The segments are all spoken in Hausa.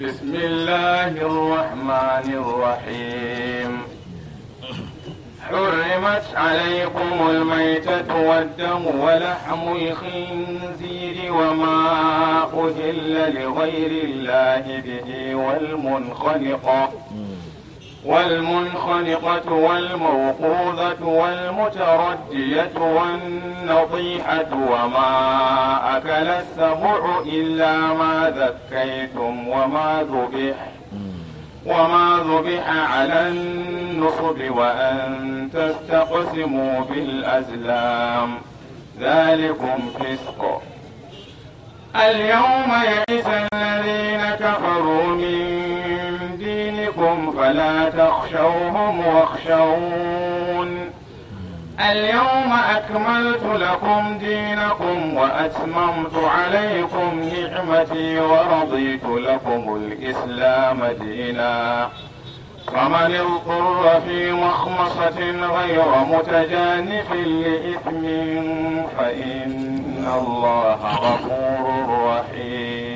بسم الله الرحمن الرحيم حرمت عليكم الميتة والدم ولحم الخنزير وما أهل لغير الله به والمنخلقة والمنخنقة والموقوذة والمتردية والنطيحة وما أكل السبع إلا ما ذكيتم وما ذبح وما ذبح على النصب وأن تستقسموا بالأزلام ذلكم فسق اليوم يئس الذين كفروا من ربكم فلا تخشوهم واخشون اليوم أكملت لكم دينكم وأتممت عليكم نعمتي ورضيت لكم الإسلام دينا فمن اضطر في مخمصة غير متجانف لإثم فإن الله غفور رحيم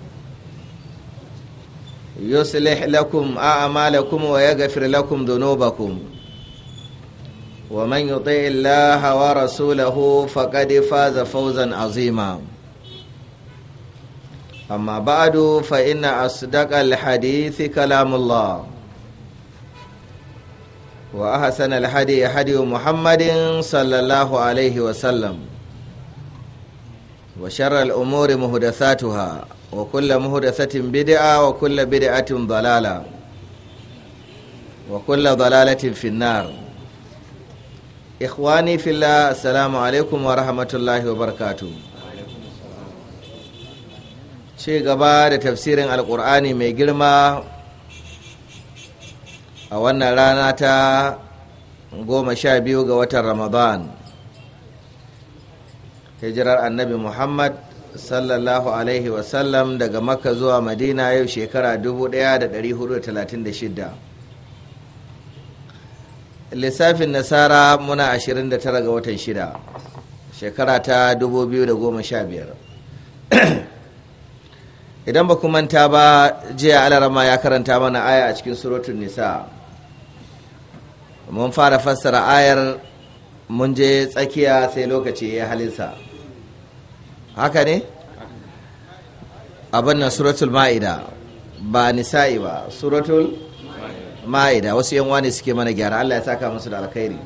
yuslih lakum a'malakum wa yaghfir lakum dhunubakum wa man yuti' Allah wa rasulahu faqad faza fawzan azima amma ba'adu fa inna asdaqal hadith kalamullah wa ahsan al hadi hadi muhammadin sallallahu alayhi wa sallam wa sharra al umuri muhdathatuha wa kulla muhdathatin bid'a wa kulla bid'atin dalala wa kulla dalalatin finnar ikhwani fillah assalamu alaikum wa rahmatullahi wa barakatuh ci gaba da tafsirin Alƙur'ani mai girma a wannan rana ta goma sha biyu ga watan ramadan hijirar annabi muhammad sallallahu alaihi wasallam daga makka zuwa madina yau shekara 1436 lissafin nasara muna 29 ga watan 6 shekara ta 2015 idan ba manta ba jiya alarama ya karanta mana aya a cikin suratun nisa mun fara fassara ayar mun je tsakiya sai lokaci ya halinsa haka ne abin nan suratul ma'ida ba nisa'i ba suratul ma'ida wasu yan wani suke mana gyara Allah ya saka musu da alkhairi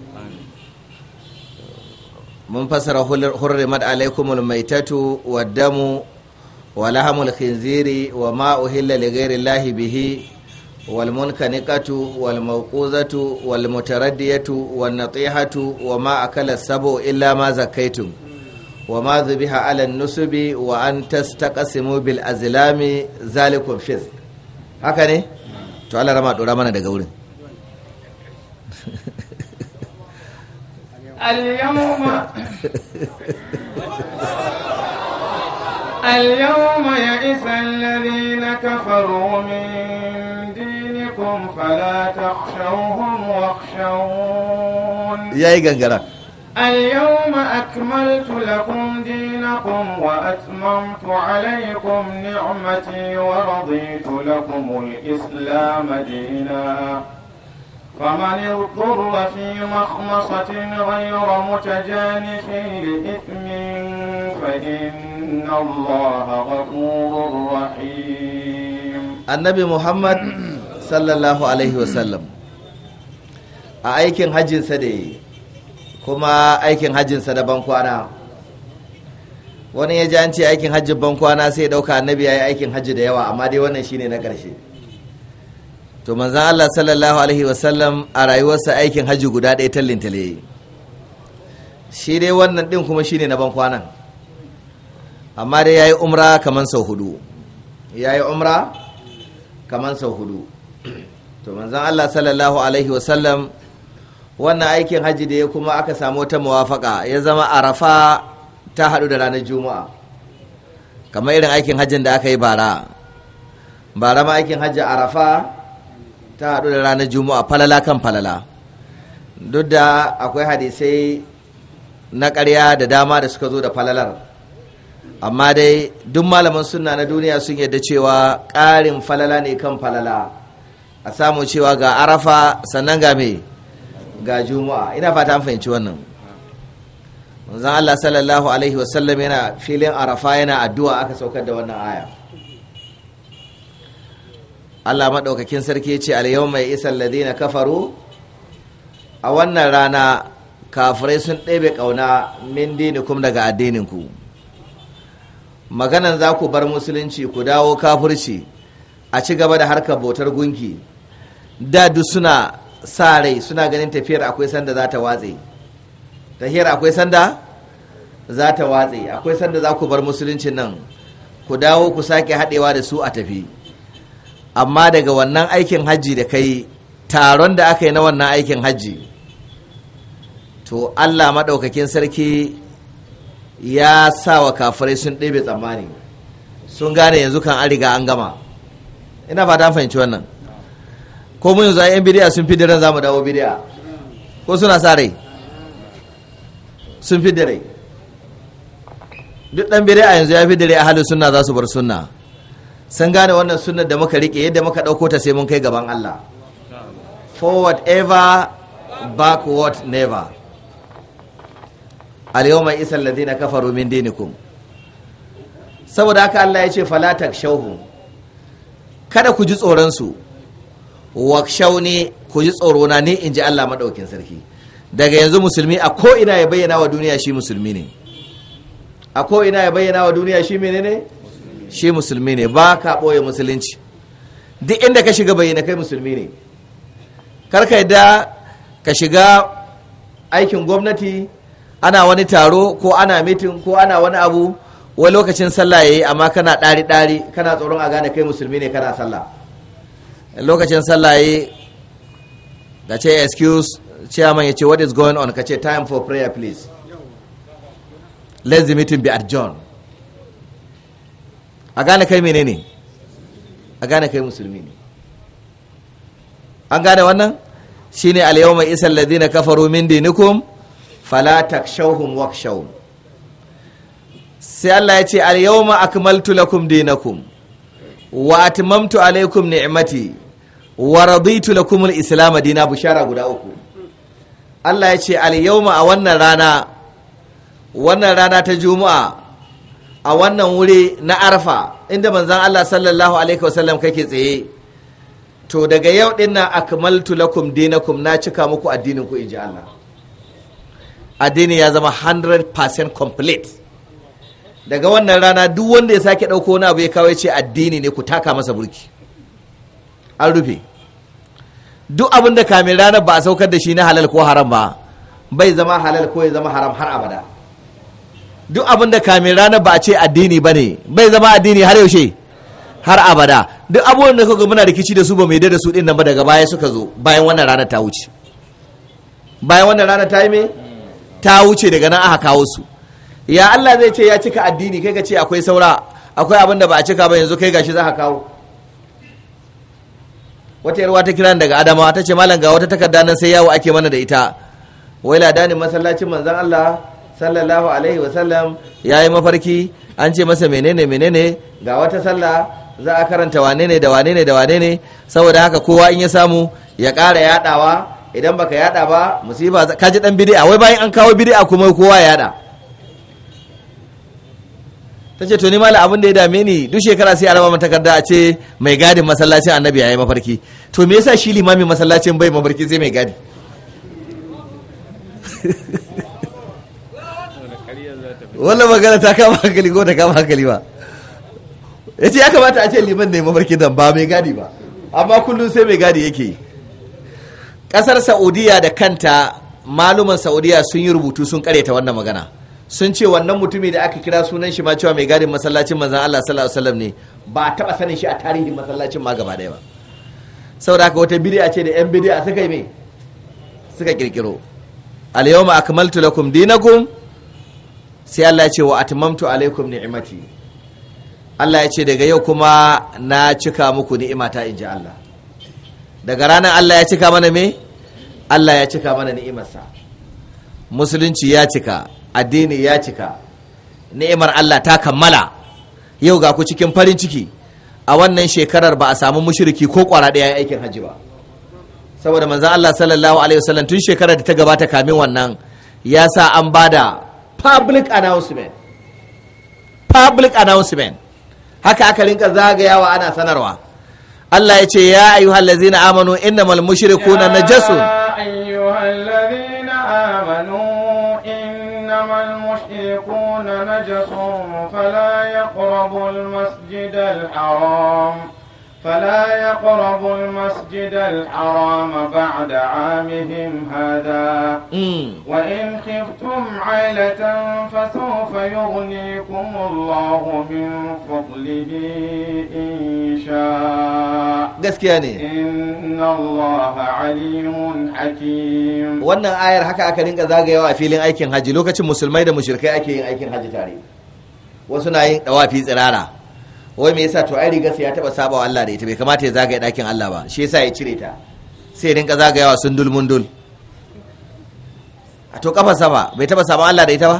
mun fasara hurrimat alaikumul maitatu wa damu wa lahamul khinziri wa ma uhilla li ghairi llahi bihi wal munkanikatu wal mawquzatu wal mutaraddiyatu wan natihatu wa ma akala sabu illa ma zakaitu wa ma zubiha ala nusubi wa an tastaqsimu bil azlami haka ne to Allah rama dora mana daga wurin al-yawma اليوم يئس الذين كفروا من دينكم فلا تخشوهم واخشون يا غنغرا اليوم أكملت لكم دينكم وأتممت عليكم نعمتي ورضيت لكم الإسلام دينا فمن اضطر في مخمصة غير متجانف لإثم فإن الله غفور رحيم النبي محمد صلى الله عليه وسلم a aikin hajjinsa kuma aikin hajjinsa da bankwana wani ya ji an ce aikin hajjin bankwana sai ya ɗauka annabi ya yi aikin hajji da yawa amma dai wannan shine na ƙarshe to manzan allah sallallahu alaihi wasallam a rayuwarsa aikin hajji guda ɗaya tallintale shi dai wannan ɗin kuma shine na bankwanan amma dai ya yi umra kamar sau hudu ya yi umra kamar sau hudu to manzan allah sallallahu alaihi wasallam wannan aikin hajji da ya kuma aka samu wata mawafaka ya zama arafa ta haɗu da ranar juma'a kamar irin aikin hajjin da aka yi bara bara ma aikin hajji arafa ta haɗu da ranar juma'a falala kan falala duk da akwai hadisai na karya da dama da suka zo da falalar amma dai duk malaman sunna na duniya sun yadda cewa ƙarin falala ne kan falala a samu cewa ga arafa sannan ga mai ga juma'a ina fata an fahimci wannan manzon Allah sallallahu alaihi wasallam yana filin arafa yana addu'a aka saukar da wannan aya Allah maɗaukakin sarki ce al mai isa na kafaru a wannan rana kafirai sun ɗebe ƙauna min dinikum daga addininku maganan za ku bar musulunci ku dawo kafirci a ci gaba da harkar bautar gunki da duk suna sa rai suna ganin tafiyar akwai sanda za ta watse tafiyar akwai sanda za ta watse akwai sanda za ku bar musuluncin nan ku dawo ku sake haɗewa da su a tafi amma daga wannan aikin hajji da kai taron da aka yi na wannan aikin hajji to allah maɗaukakin sarki ya sa wa kafirai sun ɗebe tsammani sun gane yanzu kan an riga an gama ina fata fahimci wannan ko mun yanzu yan bidiya sun fi daren zamu dawo bidiya ko suna sa rai sun fi dare duk dan bidiya yanzu ya fi dare ahalin sunna za su bar sunna sun gane wannan sunnar da muka rike yadda muka dauko ta sai mun kai gaban Allah forward ever backward never al-yawma isal ladina kafaru min dinikum saboda haka Allah ya ce fala takshawhum kada ku ji tsoron su wakshauni ku ji tsorona ni in ji Allah maɗaukin sarki daga yanzu musulmi a ko ina ya bayyana wa duniya shi musulmi ne a ko ina ya bayyana wa duniya shi menene shi musulmi ne ba ka ɓoye musulunci duk inda ka shiga bayyana kai musulmi ne karka yadda ka shiga aikin gwamnati ana wani taro ko ana mitin ko ana wani abu wani lokacin sallah yayi amma kana ɗari ɗari kana tsoron a gane kai musulmi ne kana sallah lokacin sallaye ga ce excuse chairman ya ce what is going on ka ce time for prayer please let the meeting be adjourned a gane kai menene a gane kai musulmi ne an gane wannan shi ne al-yawma isal ladina kafaru min dinikum shauhun wak shauhun sai Allah ya ce al-yawma akmaltu lakum dinakum wa atmamtu alaikum ni'imati wa raditu lakumul islam dina bushara guda uku Allah ya ce al-yawma a wannan rana wannan rana ta juma'a a wannan wuri na arfa inda manzon Allah sallallahu alaihi wasallam kake tsaye to daga yau din nan akmaltu lakum dinakum na cika muku addinin ku inji Allah addini ya zama 100% complete daga wannan rana duk wanda ya sake dauko wani abu ya kawo ya ce addini ne ku taka masa burki an rufe duk abin da kamin ranar ba a saukar da shi na halal ko haram ba bai zama halal ko ya zama haram har abada duk abin da kamin ranar ba a ce addini ba ne bai zama addini har yaushe har abada duk abubuwan da kaga muna rikici da su ba mai da su din nan ba daga baya suka zo bayan wannan ranar ta wuce bayan wannan ranar ta yi me ta wuce daga nan aka kawo su ya Allah zai ce ya cika addini kai ka ce akwai saura akwai abin da ba a cika ba yanzu kai gashi za ka kawo wata yarwa ta kiran daga adamawa ta ce malam ga wata takarda nan sai yawo ake mana da ita wai ladanin masallacin manzon Allah sallallahu alaihi wa sallam yayi mafarki an ce masa menene menene ga wata sallah za a karanta wane ne da wane ne da wane ne saboda haka kowa in ya samu ya ƙara yadawa idan baka yada ba musiba ka ji dan bid'a wai bayan an kawo bid'a kuma kowa ya yada ta ce to ni malam abin da ya dame ni duk shekara sai a mata takarda a ce mai gadin masallacin annabi yayi mafarki to me yasa shi limamin masallacin bai mafarki sai mai gadi wannan magana ta kama hankali ko ta kama hankali ba ya ce ya kamata a ce liman ya mafarki dan ba mai gadi ba amma kullum sai mai gadi yake yi ƙasar saudiya da kanta maluman saudiya sun yi rubutu sun karyata wannan magana sun ce wannan mutumi da aka kira sunan shi ma cewa mai gadin masallacin manzan Allah sallallahu alaihi wasallam ne ba a taba sanin shi a tarihin masallacin ma gaba daya ba saboda haka wata bid'a ce da yan bid'a suka yi me suka kirkiro al yawma akmaltu lakum dinakum sai Allah ya ce wa atmamtu alaikum ni'mati Allah ya ce daga yau kuma na cika muku ni'ima ta inji Allah daga ranar Allah ya cika mana me Allah ya cika mana ni'imarsa musulunci ya cika addini ya cika ni'imar Allah ta kammala yau ga ku cikin farin ciki a wannan shekarar ba a samu mushriki ko kwara ɗaya aikin hajji ba saboda manzan Allah sallallahu alaihi wasallam tun shekarar da ta gabata kamin wannan ya sa an bada public announcement public announcement haka aka rinka zagayawa ana sanarwa Allah ya ce ya ayyuhal ladzina amanu innamal mushrikuna najasun ya ayyuhal ladzina amanu إنما المشركون نجس فلا يقربوا المسجد الحرام فلا يقربوا المسجد الحرام بعد عامهم هذا وإن خفتم عيلة فسوف يغنيكم الله من فضله إن شاء إن الله عليم حكيم wannan ayar haka aka dinga zagayawa a filin aikin haji lokacin musulmai da mushrikai ake yin aikin tare wasu na yin dawafi tsirara wai me yasa to ai riga sai ya taba saba Allah da ita bai kamata ya zagaye dakin Allah ba shi yasa ya cire ta sai rinka zagayawa sun dulmundul a to kafa sama bai taba saba Allah da ita ba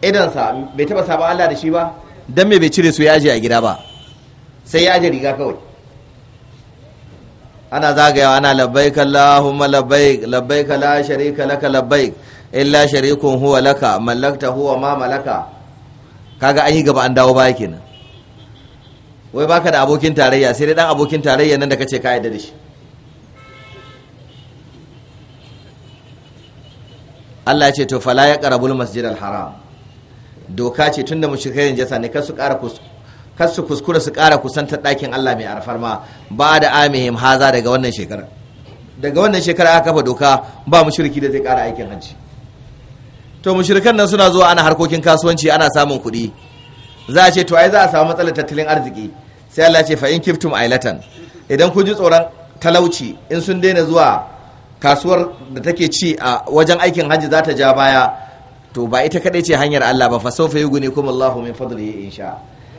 idan sa bai taba saba Allah da shi ba dan me bai cire su ya aje a gida ba sai ya aje riga kawai ana zagayawa ana labbaik Allahumma labbaik labbaik la sharika laka labbaik illa sharikun huwa laka mallakta huwa ma malaka kaga an yi gaba an dawo baya kenan wai baka da abokin tarayya sai dai dan abokin tarayya nan da kace ka yarda da shi Allah ya ce to fala ya qarabul al haram doka ce tunda mushrikai yanzu ne kar su ƙara kar su kuskura su ƙara kusantar ɗakin Allah mai ma ba da amihim haza daga wannan shekara daga wannan shekara aka kafa doka ba mushriki da zai ƙara aikin hajji to mushrikan nan suna zuwa ana harkokin kasuwanci ana samun kuɗi za a ce to ai za a samu matsalar tattalin arziki sai Allah ce fa in kiftum ailatan idan kun ji tsoron talauci in sun daina zuwa kasuwar da take ci a wajen aikin hajji za ta ja baya to ba ita kadai ce hanyar Allah ba fa ne kuma kuma Allahu min fadlihi insha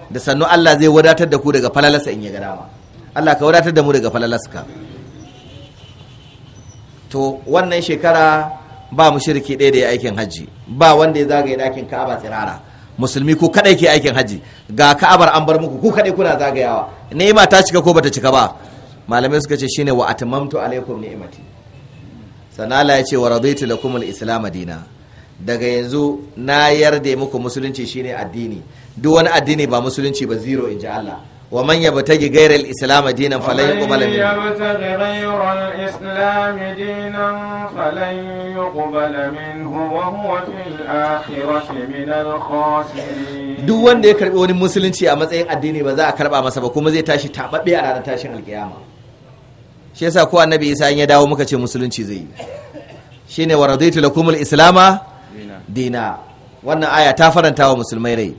da sannu Allah zai wadatar da ku daga falalasa in ya ga dama Allah ka wadatar da mu daga falalaska. to wannan shekara ba mu shirki ɗaya da aikin hajji ba wanda ya zagaye ɗakin ka'aba tsirara musulmi ko kadai ke aikin haji ga ka'abar an bar muku ku kadai kuna zagayawa ni'ima ta cika ko bata cika ba malamai suka ce shine wa atamamtu alaikum ni'imati sanala ya ce wa raditu lakum al-islam dina daga yanzu na yarda muku musulunci shine addini duk wani addini ba musulunci ba zero in ji Allah ومن يبتغي غير الإسلام دينا فلن يقبل منه ومن يبتغي غير الإسلام دينا فلن يقبل منه وهو في الآخرة من الخاسرين duk wanda ya karbi wani musulunci a matsayin addini ba za a karba masa ba kuma zai tashi tababbe a ranar tashin alkiyama shi yasa ko annabi Isa in ya dawo muka ce musulunci zai yi shine wa raditu lakumul islama dina wannan aya ta faranta wa musulmai rai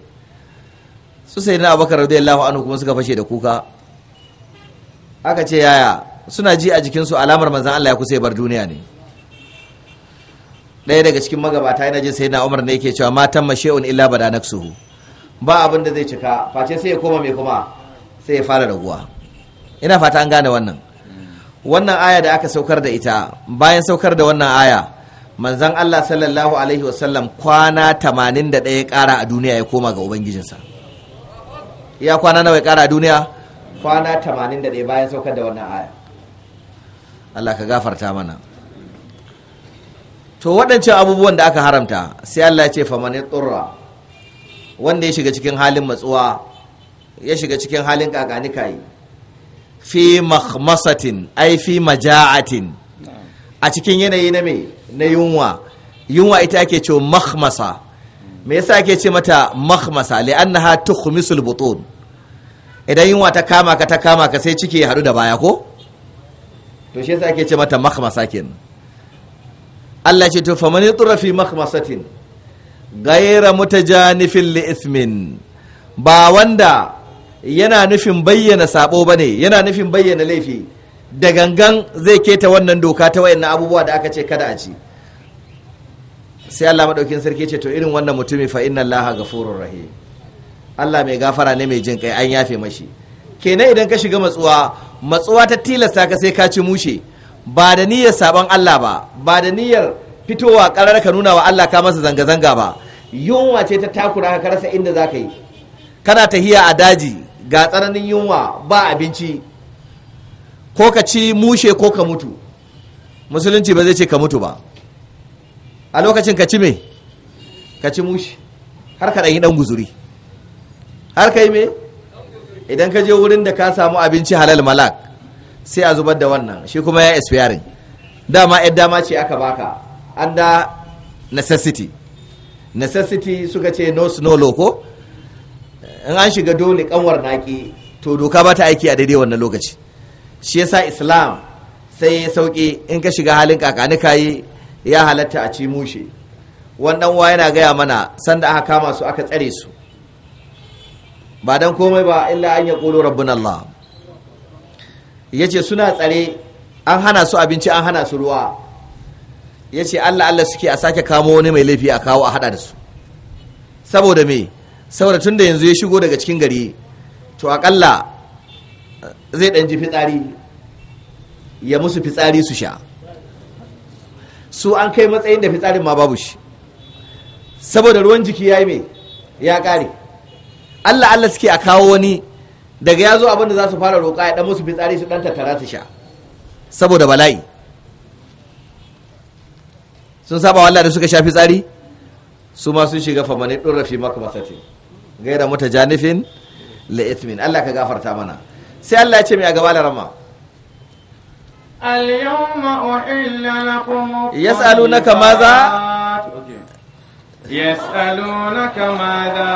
su sai na abakar yallahu anu kuma suka fashe da kuka aka ce yaya suna ji a jikinsu alamar manzan Allah ya kusa bar duniya ne ɗaya daga cikin magabata yana jin sai na umar ne yake cewa matan mashe'un illa bada suhu ba abin da zai cika face sai ya koma mai kuma sai ya fara raguwa ina fata an gane wannan wannan aya da aka saukar da ita bayan saukar da wannan aya manzan Allah sallallahu alaihi wasallam kwana 81 ya kara a duniya ya koma ga ubangijinsa ya kwana nawa ya kara duniya kwana 81 bayan saukar da wannan aya Allah ka gafarta mana to waɗancan abubuwan da aka haramta sai Allah ya ce famani tsurra wanda ya shiga cikin halin matsuwa ya shiga cikin halin kakani kayi fi makhmasatin ai fi maja'atin a cikin yanayi na me na yunwa yunwa ita ake ce makhmasa me yasa ake ce mata makhmasa li'annaha tukhmisul butun idan yunwa ta kama ka ta kama ka sai ciki ya haɗu da baya ko to shi yasa ake ce mata makhmasa kenan Allah ce to famani tura fi makhmasatin muta mutajanifin li ismin ba wanda yana nufin bayyana sabo bane yana nufin bayyana laifi da gangan zai keta wannan doka ta wayannan abubuwa da aka ce kada a ci sai Allah madaukin sarki ce to irin wannan mutumi fa inna ga ghafurur rahim Allah mai gafara ne mai jin kai an yafe mashi kenan idan ka shiga matsuwa matsuwa ta tilasta ka sai ka ci mushe ba da niyyar sabon Allah ba ba da niyyar fitowa karar ka nuna wa Allah ka masa zanga-zanga ba yunwa ce ta takura ka rasa inda za ka yi kana tahiya a daji ga tsananin yunwa ba abinci ko ka ci mushe ko ka mutu musulunci ba zai ce ka mutu ba a lokacin ka ci me ka ci mushe har ka ɗanyi ɗan guzuri har kai me idan ka je wurin da ka samu abinci halal malak sai a zubar da wannan shi kuma ya expiring dama yadda dama ce aka baka an da necessity necessity suka ce no snow loko in an shiga dole kanwar naki to doka ba ta aiki a daidai wannan lokaci shi yasa islam sai ya sauke in ka shiga halin kakani kayi ya halatta a ci mushe wannan wa yana gaya mana sanda aka kama su aka tsare su ba don komai ba illa an ya ƙolo rabbin Allah ya ce suna tsare an hana su abinci an hana su ruwa ya ce Allah Allah suke a sake kamo wani mai laifi a kawo a hada da su saboda me saboda tun da yanzu ya shigo daga cikin gari to akalla zai ɗan ji fitsari ya musu fitsari su sha su an kai matsayin da fitsarin ma babu shi saboda ruwan jiki ya yi mai ya ƙare Allah Allah suke a kawo wani daga ya zo abin da za su fara roƙa ya dan musu fitsari su dan tattara su sha saboda bala'i sun saba Allah da suka sha fitsari su ma sun shiga famane ɗora fi maka masatin gaira mata janifin la'ithmin Allah ka gafarta mana sai Allah ya ce mai a gaba larama al yawma uhilla lakum yas'alunaka maza يسألونك ماذا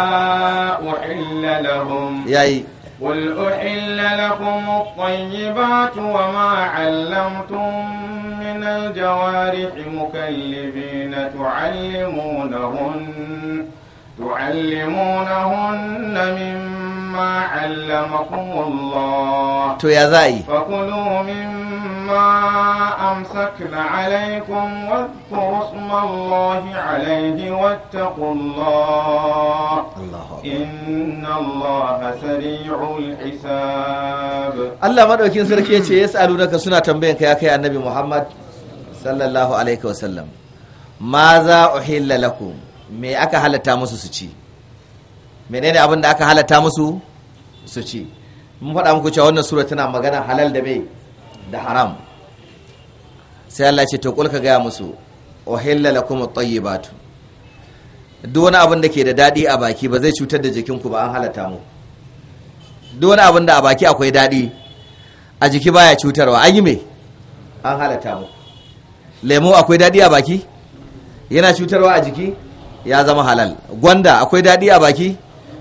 أحل لهم ياي قل أحل لكم الطيبات وما علمتم من الجوارح مكلفين تعلمونهن تعلمونهن مما علمكم الله فكلوا مما ما أمسكنا عليكم واذكروا اسم الله عليه واتقوا الله إن الله سريع الحساب الله ما دوكين سركي يسألونك سنة تنبينك يا كي النبي محمد صلى الله عليه وسلم ماذا أحل لكم me aka halatta musu su ci menene abin da aka halatta musu su ci mun faɗa muku cewa wannan sura tana magana halal da bai da haram sai Allah ce to kulka gaya musu uhilla lakum at-tayyibatu duk wani abin da ke da dadi a baki ba zai cutar da jikinku ba an halatta mu duk wani abin da a baki akwai dadi a jiki baya cutarwa an yi me an halatta mu lemo akwai dadi a baki yana cutarwa a jiki ya zama halal gwanda akwai dadi a baki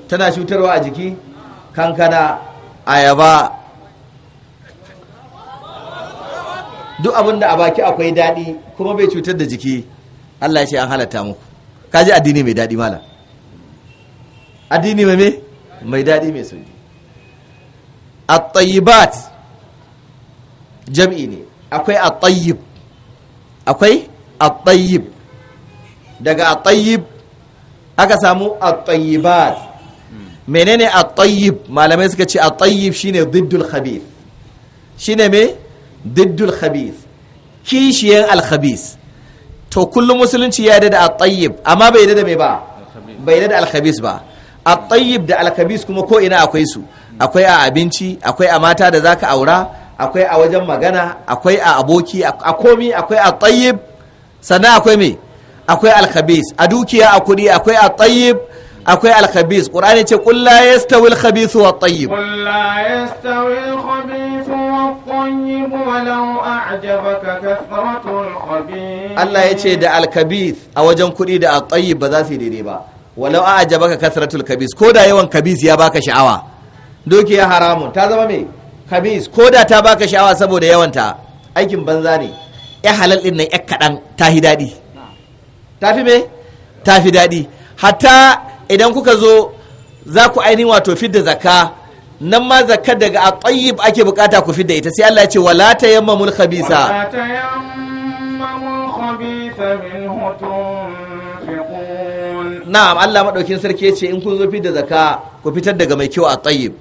tana cutarwa a jiki kankana ayaba duk abin da a baki akwai daɗi kuma bai cutar da jiki Allah ya ce an halatta muku ji addini mai daɗi mala addini mai me mai daɗi mai sauki at-tayyibat jam'i ne akwai at-tayyib akwai at-tayyib daga at-tayyib aka samu at-tayyibat menene at-tayyib malamai suka ce at-tayyib shine diddul khabith shine me diddul khabith kishiyan Alkhabis, to kullum musulunci ya da a tsayib amma bai da mai ba bai da alkhabis ba a tsayib da Alkhabis kuma ko ina akwai su akwai a abinci akwai a mata da za ka aura akwai a wajen magana akwai a aboki a komi akwai a tsayib sannan akwai me akwai Alkhabis a dukiya a kudi akwai a tsayib akwai alkhabis ƙur'ani ce ƙulla ya stawi alkhabisu wa tsayyib ƙulla ya stawi alkhabisu wa tsayyib walau a'jabaka kasratul khabis Allah ya ce da alkhabis a wajen kuɗi da tsayyib ba za su yi daidai ba walau a'jabaka kasratul khabis ko da yawan khabis ya baka sha'awa dukiya haramun ta zama me khabis ko da ta baka sha'awa saboda yawanta aikin banza ne ya halal din nan ya kaɗan ta fi daɗi ta fi me ta fi daɗi hatta idan kuka zo za ku ainihin wato fidda zaka, nan ma zaka daga a tayyib ake bukata ku fidda ita sai Allah ya ce wala ta yamma wala khabisa na'am Allah madaukin sarki ce in kun zo fidda zaka, ku fitar daga mai kyau a tayyib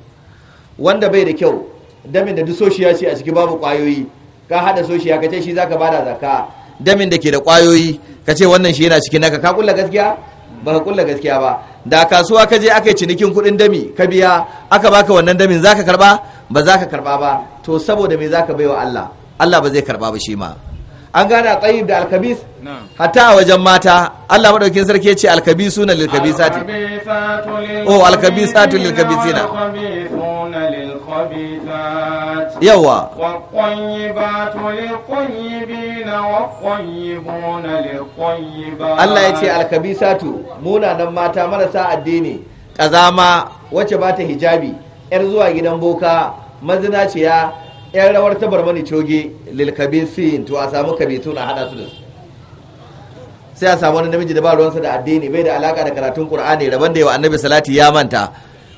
wanda bai da kyau damin da duk soshiya ce a ciki babu kwayoyi ka hada soshiya ka ce shi zaka bada zaka, damin da ke da kwayoyi ka ce wannan shi yana cikin naka ka kulla gaskiya ba ka kulla gaskiya ba da kasuwa ka je aka yi cinikin kuɗin dami ka biya aka baka wannan damin zaka karba ba zaka karba ba to saboda me zaka baiwa Allah Allah ba zai karba ba shi ma an gane tsayib da alkabis hatta a wajen mata Allah madaukin sarki ya ce alkabisu na lilkabisati oh alkabisatu lilkabisina للخبيثات يوا والطيبات للطيبين والطيبون للطيبات الله يتي الخبيثات marasa addini kazama wacce ba ta hijabi yar zuwa gidan boka mazinaciya yan rawar tabar mani coge lil to a samu kabitun a hada su da su sai a samu wani namiji da ba ruwansa da addini bai da alaka da karatun qur'ani rabon da yawa annabi salati ya manta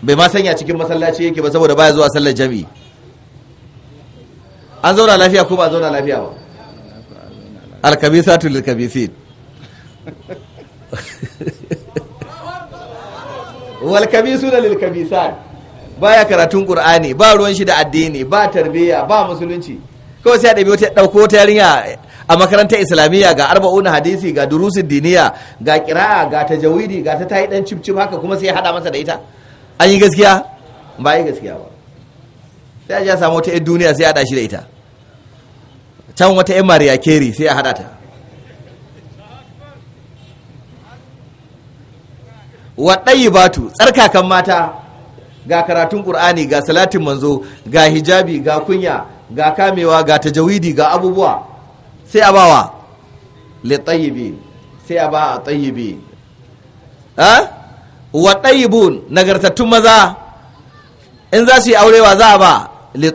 bai ma sanya cikin masallaci yake ba saboda baya zuwa sallar jami'i an zauna lafiya ko ba zauna lafiya ba alkabisatu lilkabisin kabisu da lilkabisan baya karatun qur'ani ba ruwan shi da addini ba tarbiyya ba musulunci kawai sai a ɗabi wata ɗauko ta yarinya a makarantar islamiyya ga arba'una hadisi ga durusin diniya ga kira'a ga tajawidi ga ta ɗan dan cif haka kuma sai ya hada masa da ita an yi gaskiya ba yi gaskiya ba sai a ji a samu wata 'yan duniya sai a haɗa shi da ita can wata 'yan mariya keri sai a haɗa ta waɗayi batu tsarkakan mata ga karatun ƙur'ani ga salatin manzo ga hijabi ga kunya ga kamewa ga tajawidi ga abubuwa sai a bawa littayi sai a ba a tsayi wa nagartattun maza in za su yi aurewa za a ba li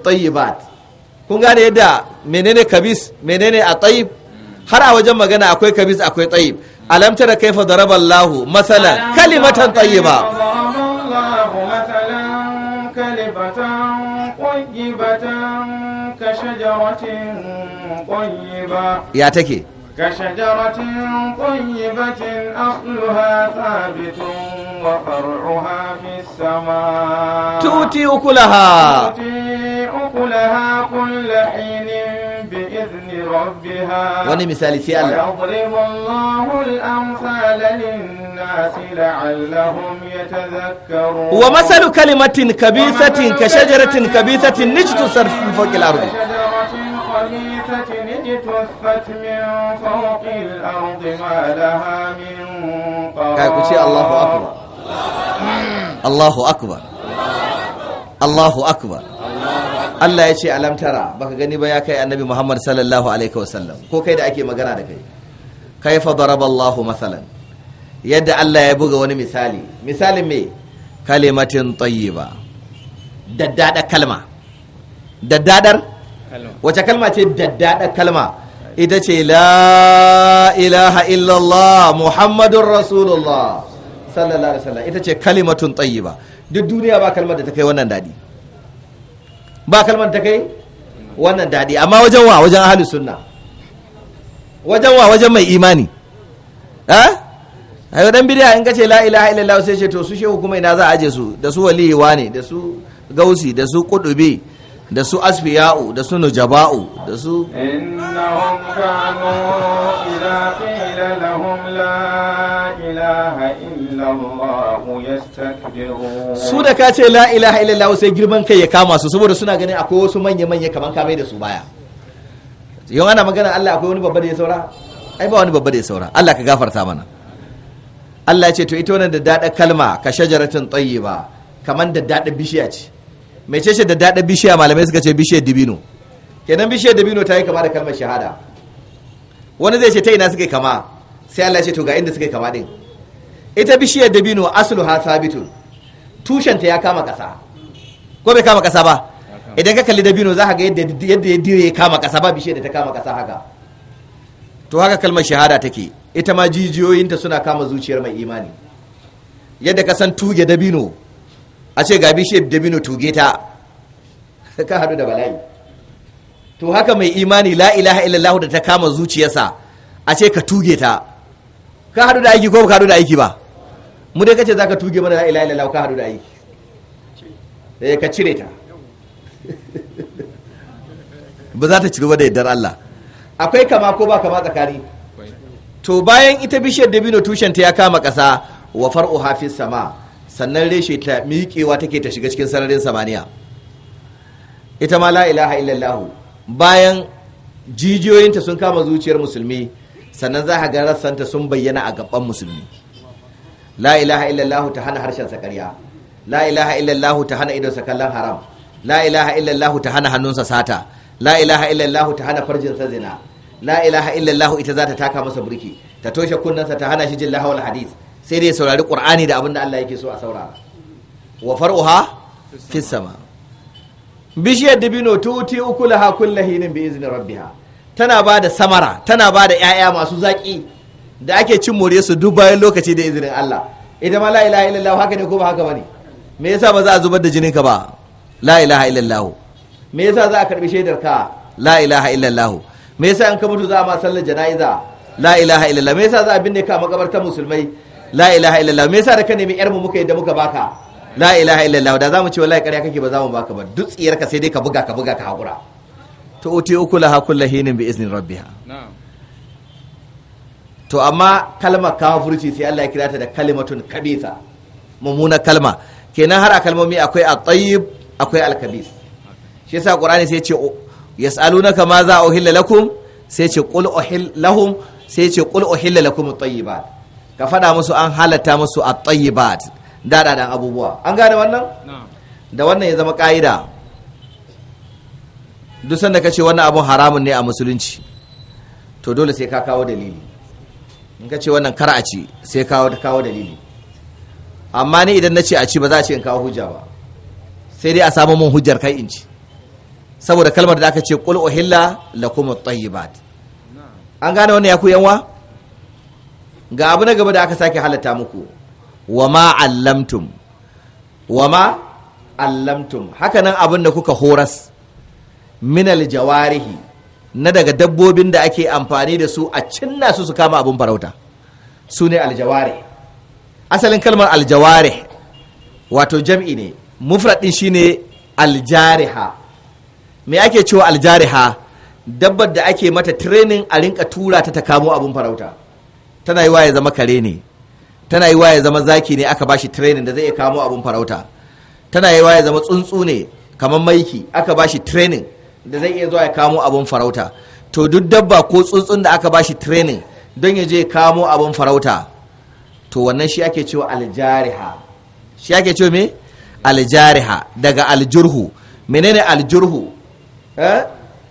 kun gane yadda menene kabis menene a har a wajen magana akwai kabis akwai tayyib Alamta kai kaifa daraba Allahu matsala kalimatan tayyiba ya take كشجرة طيبة أصلها ثابت وفرعها في السماء تؤتي أكلها تؤتي أكلها كل حين بإذن ربها wani misali sai Allah ويضرب الله الأمثال للناس لعلهم يتذكرون ومثل كلمة كبيثة كشجرة كبيثة نجت من فوق الأرض كشجرة خليفة اجتثت من فوق الأرض ما لها من قرار الله أكبر الله أكبر الله أكبر Allah ya ce alam tara baka gani ba ya kai annabi Muhammad sallallahu alaihi wasallam ko kai da ake magana da kai kaifa daraballahu masalan yadda Allah ya buga wani misali misalin me kalimatin tayyiba daddada kalma daddadar wace kalma ce daddada kalma ita ce la ilaha illallah muhammadun rasulullah sallallahu alaihi wasallam ita ce kalimatun tayyiba duk duniya ba kalmar da ta kai wannan dadi ba kalmar da ta kai wannan dadi amma wajen wa wajen ahli sunna wajen wa wajen mai imani eh ayo dan bidiya in kace la ilaha illallah sai ce to su shehu kuma ina za a aje su da su waliyi wane da su gausi da su kudubi da su asbiya'u da su nujaba'u da su su da ka ce la ilaha illa sai girman kai ya kama su saboda suna ganin akwai wasu manya manya kamar kamai da su baya yau ana magana Allah akwai wani babba da ya saura ai ba wani babba da ya saura Allah ka gafarta mana Allah ya ce to ita wannan da dada kalma ka shajaratin tayyiba kaman da dada bishiya ce mai ce da daɗin bishiya malamai suka ce bishiyar dibino kenan bishiyar dibino ta yi kama da kalmar shahada wani zai ce ta ina suka kama sai Allah ce to ga inda suka kama din ita bishiyar dabino asulu ha tushen tushenta ya kama kasa ko bai kama kasa ba idan ka kalli dabino za ka ga yadda yadda ya kama kasa ba bishiyar da ta kama kasa haka to haka kalmar shahada take ita ma jijiyoyinta suna kama zuciyar mai imani yadda ka san tuge dabino a ce ga bishiyar dabino tuge ta ka hadu da bala'i to haka mai imani la ilaha illallah da ta kama zuciyarsa a ce ka tuge ta ka hadu da aiki ko ka hadu da aiki ba mu dai kace zaka tuge mana la ilaha illallah ka hadu da aiki eh ka cire ta ba za ta ci gaba da yardar Allah akwai kama ko ba kama tsakani to bayan ita bishiyar dabino tushenta ya kama ƙasa wa far'uha fis sama sannan reshe ta miƙewa take ta shiga cikin sararin samaniya ita ma la ilaha illallah bayan jijiyoyinta sun kama zuciyar musulmi sannan za a ga rassanta sun bayyana a gaban musulmi la ilaha illallah ta hana harshen sa ƙarya la ilaha illallah ta hana sa kallon haram la ilaha illallah ta hana hannunsa sata la ilaha illallah ta hana farjinsa zina la ilaha illallah ita za ta taka masa burki ta toshe kunnensa ta hana shi jin lahawal hadith sai dai saurari qur'ani da abin da Allah yake so a saurara wa far'uha fis sama bishiyar dabino tuti ukulaha kullahinin bi izni rabbiha tana ba da samara tana ba da 'ya'ya masu zaƙi da ake cin more su duk bayan lokaci da izinin Allah ita ma la ilaha illallah haka ne ko ba haka bane me yasa ba za a zubar da jinin ka ba la ilaha illallah me yasa za a karbi shaidar ka la ilaha illallah me yasa in ka mutu za a ma sallar jana'iza la ilaha illallah me yasa za a binne ka makabartar musulmai la ilaha illallah me yasa da ka nemi yarmu muka yadda muka baka la ilaha illallah da zamu ce wallahi ƙarya kake ba za mu baka ba duk tsiyar sai dai ka buga ka buga ka hakura to uti uku ukulaha kullahinin bi izni rabbiha to amma kalmar kafirci sai Allah ya kira ta da kalimatun kabisa mumuna kalma kenan har a kalmomi akwai at-tayyib akwai al-kabis shi yasa qur'ani sai ce yas'alunaka ma za uhilla lakum sai ce qul uhil lahum sai ce qul uhilla lakum at-tayyibat ka faɗa musu an halatta musu a tsayibat daɗaɗan abubuwa an gane wannan da wannan ya zama ƙa'ida duk sanda ka ce wannan abun haramun ne a musulunci to dole sai ka kawo dalili in ka ce wannan kar a ci sai kawo kawo dalili amma ni idan na ce a ci ba za a ce in kawo hujja ba sai dai a samu mun hujjar kai in ci saboda kalmar da aka ce qul uhilla lakum at-tayyibat an gane wannan ya ku yanwa ga abu na gaba da aka sake halatta muku wa ma allamtum wa ma allamtum hakanan abin da kuka horas minal jawarihi na daga dabbobin da ake amfani da su a cinna su su kama abin farauta su ne aljaware asalin kalmar aljaware wato jam'i ne mufradin shine aljariha me ake cewa aljariha dabbar da ake mata training a rinka tura ta ta kamo abin farauta tana yi wa ya zama kare ne tana yi wa ya zama zaki ne aka bashi training da zai iya kamo abun farauta tana yi wa ya zama tsuntsu ne kamar maiki aka bashi training da zai iya zuwa ya kamo abun farauta to duk dabba ko tsuntsun da aka bashi training don ya je ya kamo abun farauta to wannan shi ake cewa aljariha shi ake cewa me aljariha daga aljurhu menene aljurhu eh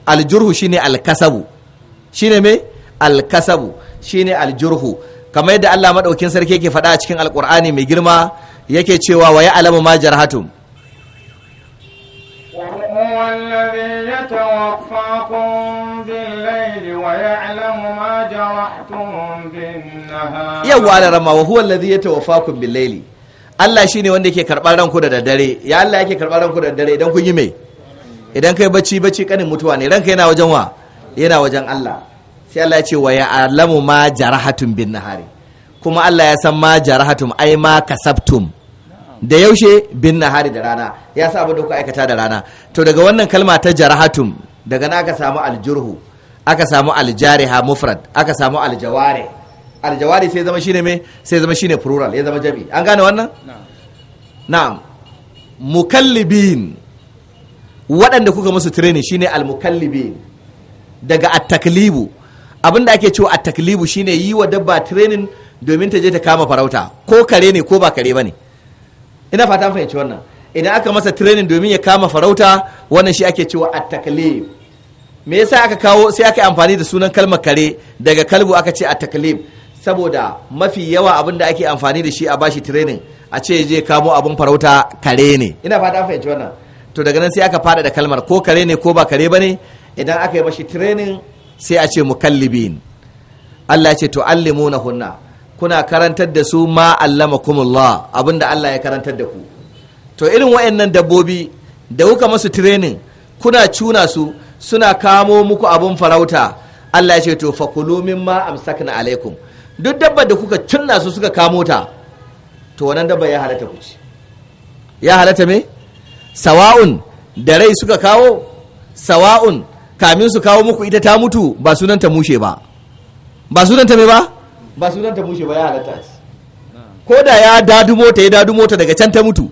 aljurhu shine alkasabu shine me alkasabu shine aljurhu kamar yadda Allah madaukin sarki yake faɗa a cikin alkur'ani mai girma yake cewa wa ya alamu ma jarhatum yawwa da rama wa huwa alladhi yatawaffakum bil layli Allah shine wanda yake karɓar ranku da daddare ya Allah yake karɓar ranku da daddare idan kun yi mai idan kai bacci bacci kanin mutuwa ne ranka yana wajen wa yana wajen Allah sai Allah ya ce wa ya'lamu ma jarahatun bin nahari kuma Allah ya san ma jarahatum ai ma kasabtum da yaushe bin nahari da rana ya sa abin da kuka aikata da rana to daga wannan kalma ta jarahatum daga na aka samu aljurhu aka samu aljariha mufrad aka samu aljaware. aljaware sai zama shine me sai zama shine plural ya zama jami an gane wannan na'am mukallibin waɗanda kuka musu training shine al-mukallibin daga at-taklibu abin da ake cewa a taklibu shine yi wa dabba training domin ta je ta kama farauta ko kare ne ko ba kare ba ne ina fata an fahimci wannan idan aka masa training domin ya kama farauta wannan shi ake cewa a taklib me yasa aka kawo sai aka amfani da sunan kalmar kare daga kalbu aka ce a taklib saboda mafi yawa abin da ake amfani da shi a bashi training a ce je kamo abin farauta kare ne ina fata an fahimci wannan to daga nan sai aka fada da kalmar ko kare ne ko ba kare bane idan aka yi mashi training sai a ce mukallibin Allah ce tu'allimuna hunna kuna karantar da su ma allamakumullah abinda Allah ya karantar da ku to irin wayannan dabbobi da kuka masu training kuna cuna su suna kamo muku abin farauta Allah ya ce to fakulu mimma amsakna alaikum duk dabbar da kuka cunna su suka kamo ta to wannan dabba ya halata ku ci ya halata me sawa'un da rai suka kawo sawa'un kamin su kawo muku ita ta mutu ba sunan ta mushe ba ba sunan ta mai ba ba sunan ta mushe ba ya halatta ko da ya dadumo ta ya dadu mota daga can ta mutu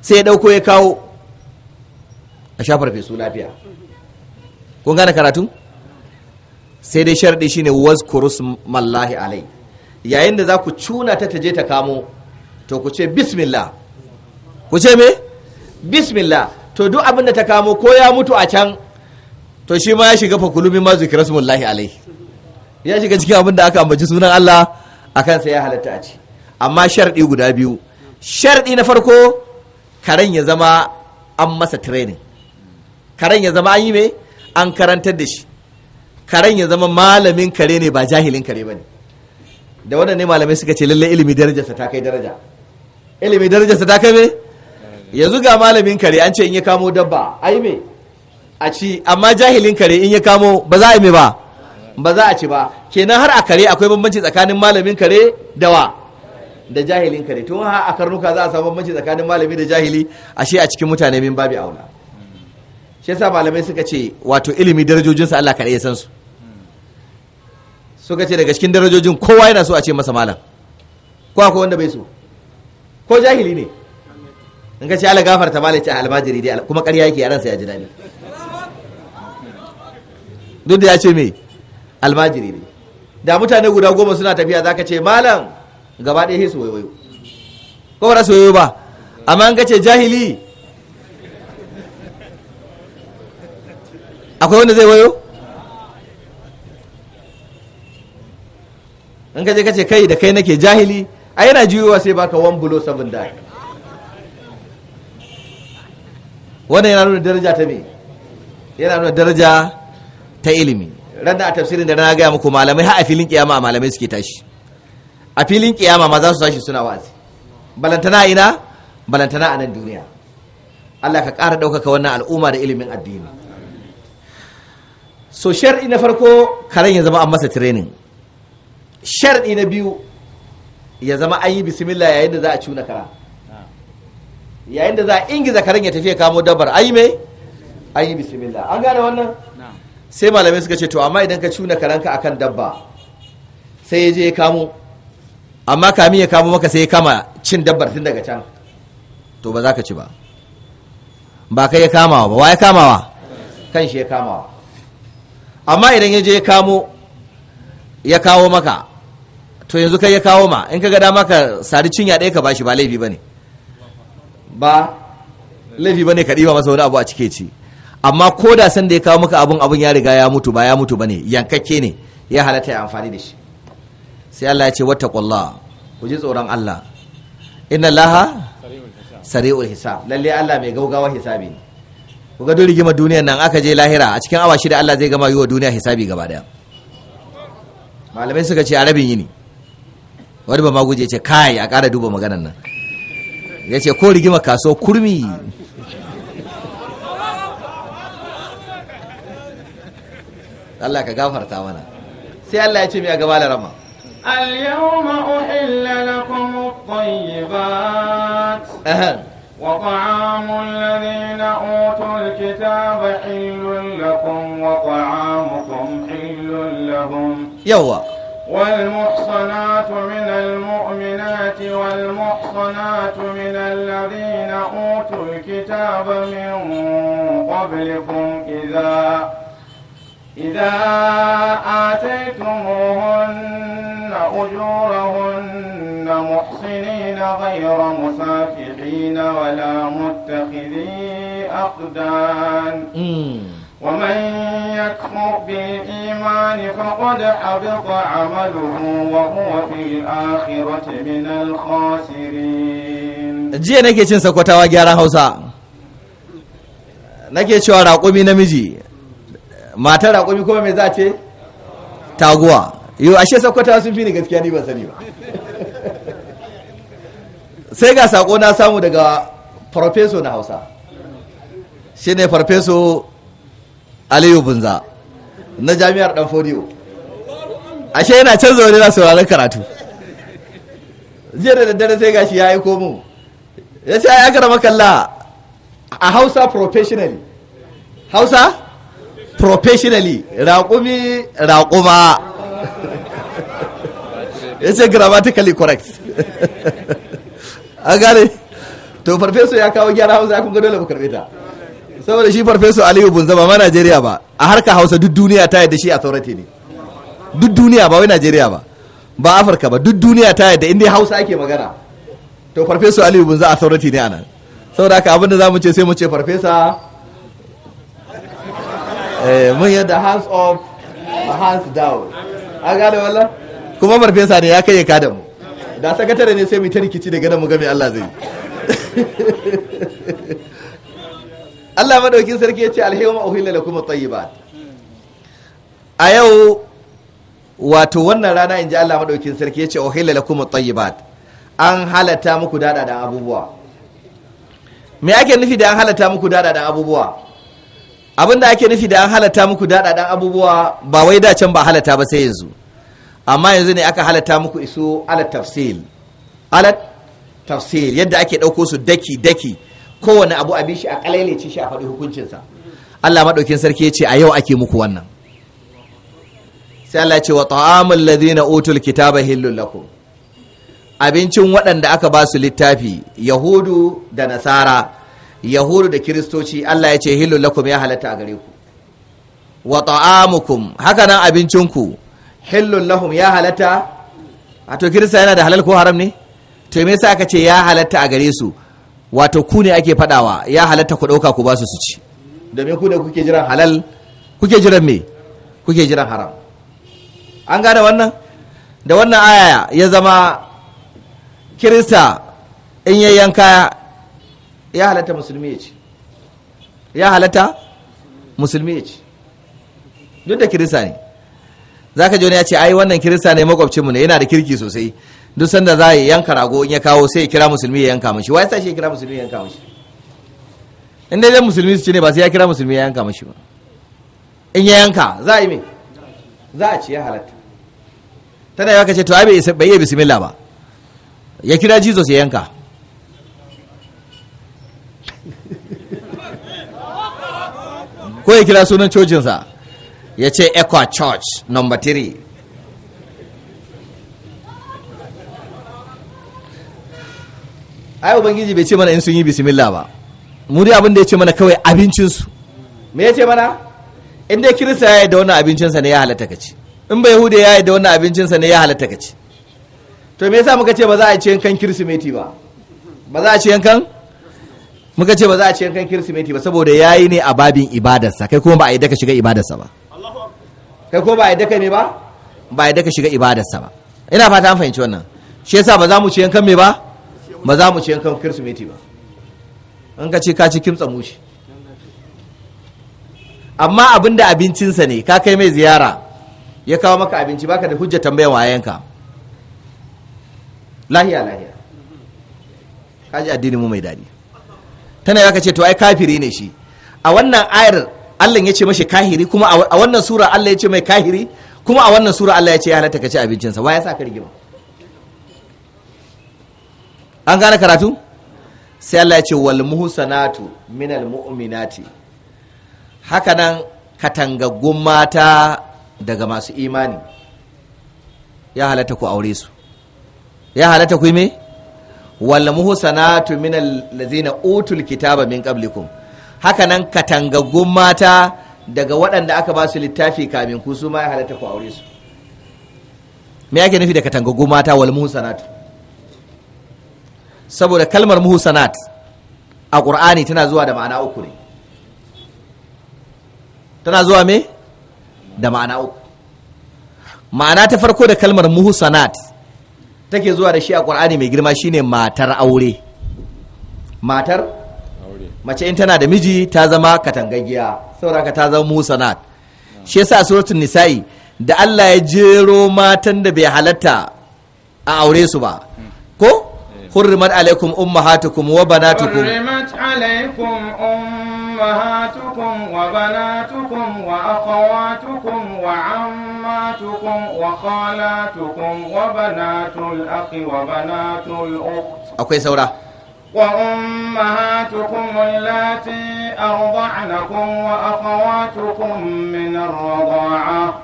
sai ya dauko ya kawo a shafar fesu lafiya kun gane karatu sai dai sharɗi shine kurus mallahi alai yayin da za ku cuna ta taje ta kamo to ku ce bismillah ku ce me bismillah to duk abin da ta kamo ko ya mutu a can to shi ma ya shiga fa kulumi ma zikra smullahi alai ya shiga cikin abin da aka ambaci sunan Allah a kansa ya halatta a ci amma sharɗi guda biyu sharɗi na farko karen ya zama an masa training karen ya zama an yi me an karantar da shi karen ya zama malamin kare ne ba jahilin kare ba ne da waɗanne ne malamai suka ce lallai ilimi darajarsa ta kai daraja ilimi darajarsa ta kai me yanzu ga malamin kare an ce in ya kamo dabba ai mai a ci amma jahilin kare in ya kamo ba za a yi ba ba za a ci ba kenan har a kare akwai bambanci tsakanin malamin kare da wa da jahilin kare to ha a karnuka za a samu bambanci tsakanin malami da jahili ashe a cikin mutane min babu auna shi yasa malamai suka ce wato ilimi sa Allah kare ya san su suka ce daga cikin darajojin kowa yana so a ce masa malam ko akwai wanda bai so ko jahili ne in ka ce ala gafarta malai ce albajiri dai kuma ƙarya yake a ransa ya ji daɗi duk da ya ce mai almajiri ne da mutane guda goma suna tafiya zaka ce malam gaba ɗaya su waiwayo ko ba su waiwayo ba amma an ce jahili akwai wanda zai wayo an ka kace ka ce kai da kai nake jahili a yana juyowa sai baka wan bulo sabon da wannan yana nuna daraja ta me yana nuna daraja ta ilimi Randa a tafsirin da na gaya muku malamai har a filin kiyama malamai suke tashi a filin kiyama ma za su tashi suna wazi balantana ina balantana a nan duniya Allah ka ƙara ɗaukaka wannan al'umma da ilimin addini so shar'i na farko karen ya zama an masa training shar'i na biyu ya zama an yi bismillah yayin da za a cuna kara yayin da za a ingiza karen ya tafiya kamo dabar an yi mai an yi bismillah an gane wannan sai malamai suka ce to amma idan ka cuna karanka akan dabba sai ya je ya kamo amma kami ya kamo maka sai ya kama cin dabbar tun daga can to ba za ka ci ba ba kai ya kamawa ba wa ya kamawa kan shi ya kamawa amma idan ya je ya kamo ya kawo maka to yanzu kai ya kawo ma in ka ga dama ka sari cinya ɗaya ka bashi ba laifi ba ne ba laifi ba ne ka ɗiba masa wani abu a cike ci amma ko da san da ya kawo maka abun abun ya riga ya mutu ba ya mutu ba ne, yankakke ne ya halatta ya amfani da shi sai Allah ya ce kwallo ku ji tsoron Allah inna laha sari'ul hisab lalle Allah mai gaugawa hisabi ne ku ga rigimar duniyar nan aka je lahira a cikin awa shida Allah zai gama yi wa duniya hisabi gaba daya malamai suka ce a rabin yini wani ba maguje ce kai a ƙara duba maganar nan Yace, ko rigimar kaso kurmi Allah ka gafarta mana sai Allah ya ce mai اليوم أحل لكم الطيبات وطعام الذين أوتوا الكتاب حل لكم وطعامكم حل لهم يوا والمحصنات من المؤمنات والمحصنات من الذين أوتوا الكتاب من قبلكم إذا إذا آتيتموهن أجورهن محصنين غير مسافحين ولا متخذي أقدان ومن يكفر بالإيمان فقد حبط عمله وهو في الآخرة من الخاسرين jiya nake cin sakwatawa gyaran hausa nake cewa raƙumi matar raƙumi kuma mai za ce taguwa yau ashe sakwata sun fi ni gaskiya ni ban sani ba sai ga sako na samu daga farfeso na hausa shi ne farfeso aliyu bunza na jami'ar dan fodiyo ashe yana can zaune na sauraron karatu jiya da daddare sai gashi ya yi komo. ya ce ya gara makalla a hausa professionally hausa professionally raƙumi raƙuma ya ce grammatically correct a gane to farfeso ya kawo gyara hausa ya kunga dole karbe ta saboda shi farfeso aliyu bun zama ma najeriya ba a harka hausa duk duniya ta yadda shi authority ne duk duniya ba wai najeriya ba ba afirka ba duk duniya ta yadda inda hausa ake magana to farfeso aliyu bun za authority ne anan saboda haka abinda za mu ce sai mu ce farfesa Eh, mun yadda hands up hands down an gane wallah kuma farfesa ne ya kai ka da mu da sakatare ne sai mu ta rikici daga nan mu ga mai Allah zai Allah madaukin sarki ya ce alhayma uhilla lakum at-tayyibat a yau wato wannan rana in ji Allah madaukin sarki ya ce uhilla lakum at-tayyibat an halatta muku dada da abubuwa me ake nufi da an halatta muku dada da abubuwa da ake nufi da an halatta muku daɗaɗan abubuwa ba wai da can ba halatta ba sai yanzu amma yanzu ne aka halatta muku iso alat tafsil alat tafsil yadda ake ɗauko su daki daki kowane abu abin shi a ci shi a faɗi hukuncinsa Allah maɗaukin sarki ya ce a yau ake muku wannan sai Allah ce wa ta'amul ladina utul kitaba hillul lakum abincin waɗanda aka ba su littafi yahudu da nasara yahudu da kiristoci Allah ya ce hilul lakum ya halatta a gare ku wa ta'amukum haka nan abincinku hillul lahum ya halatta a to kirista yana da halal ko haram ne to me yasa aka ce ya halatta a gare su wato ku ne ake fadawa ya halatta ku dauka ku ba su su ci domin ku da kuke jiran halal kuke jiran me kuke jiran haram an gane wannan da wannan aya ya zama kirista in yayyanka ya halatta musulmi ya ce ya halatta musulmi ya ce duk da kirista ne za ka ji wani ya ce ai wannan kirista ne makwabcinmu ne yana da kirki sosai duk sanda za a yanka rago in ya kawo sai ya kira musulmi ya yanka mashi wa ya shi ya kira musulmi ya yanka mashi in dai musulmi su ci ne ba sai ya kira musulmi ya yanka mashi ba in ya yanka za a yi me za a ci ya halatta tana yawa ka ce to ai bai yi bismillah ba ya kira jesus ya yanka ko ya kira sunan cocinsa ya ce echo church number 3 ai ubangiji bai ce mana in sun yi bismillah ba muri abin da ya ce mana kawai abincinsu me ya ce mana inda kirista ya yi da wannan abincinsa ne ya halatta ka ci in bai hude ya yi da wannan abincinsa ne ya halatta ka ci to me yasa muka ce ba za a ci yankan kirsimeti ba ba za a ci yankan muka ce ba za a ci yankan kirsimeti ba saboda ya yi ne a babin ibadarsa kai kuma ba a yi daka shiga ibadarsa ba kai kuma ba a yi daka ne ba ba a yi daka shiga ibadarsa ba ina fata an fahimci wannan shi yasa ba za mu ci yankan me ba ba za mu ci yankan kirsimeti ba in ka ce ka ci kimtsa mushi amma abin da abincinsa ne ka kai mai ziyara ya kawo maka abinci baka da hujja tambayan wayanka lahiya lahiya kaji addinin mu mai daɗi tana zaka ce to ai kafiri ne shi a wannan ayar Allah ya ce mashi kahiri kuma a wannan sura Allah ya ce mai kahiri kuma a wannan sura Allah ya ce ya halatta ka ci abincinsa wa ya sa ka rigima an gane karatu sai Allah ya ce wal muhsanatu minal mu'minati haka nan katangaggun mata daga masu imani ya halatta ku aure su ya halatta ku yi me wal sanatu minal allazina utul kitaba min qablikum haka nan katangagun mata daga waɗanda aka ba su littafi kamin ku su ma ya halatta ku aure su me yake nufi da katangagun mata wal sanatu? saboda kalmar sanat a qur'ani tana zuwa da ma'ana uku ne tana zuwa me da ma'ana uku ma'ana ta farko da kalmar sanat take zuwa da shi a ƙur'ani mai girma shine matar aure matar mace in tana da miji ta zama katangaggiya sauraka ta zama musa na. shi yasa suratul nisa'i da Allah ya jero matan da bai halatta a aure su ba ko eh. hurrimat alaikum ummahatukum wa banatukum hurrimat alaikum أمهاتكم وبناتكم وأخواتكم وعماتكم وخالاتكم وبنات الأخ وبنات الأخت أوكي سورة وأمهاتكم اللاتي أرضعنكم وأخواتكم من الرضاعة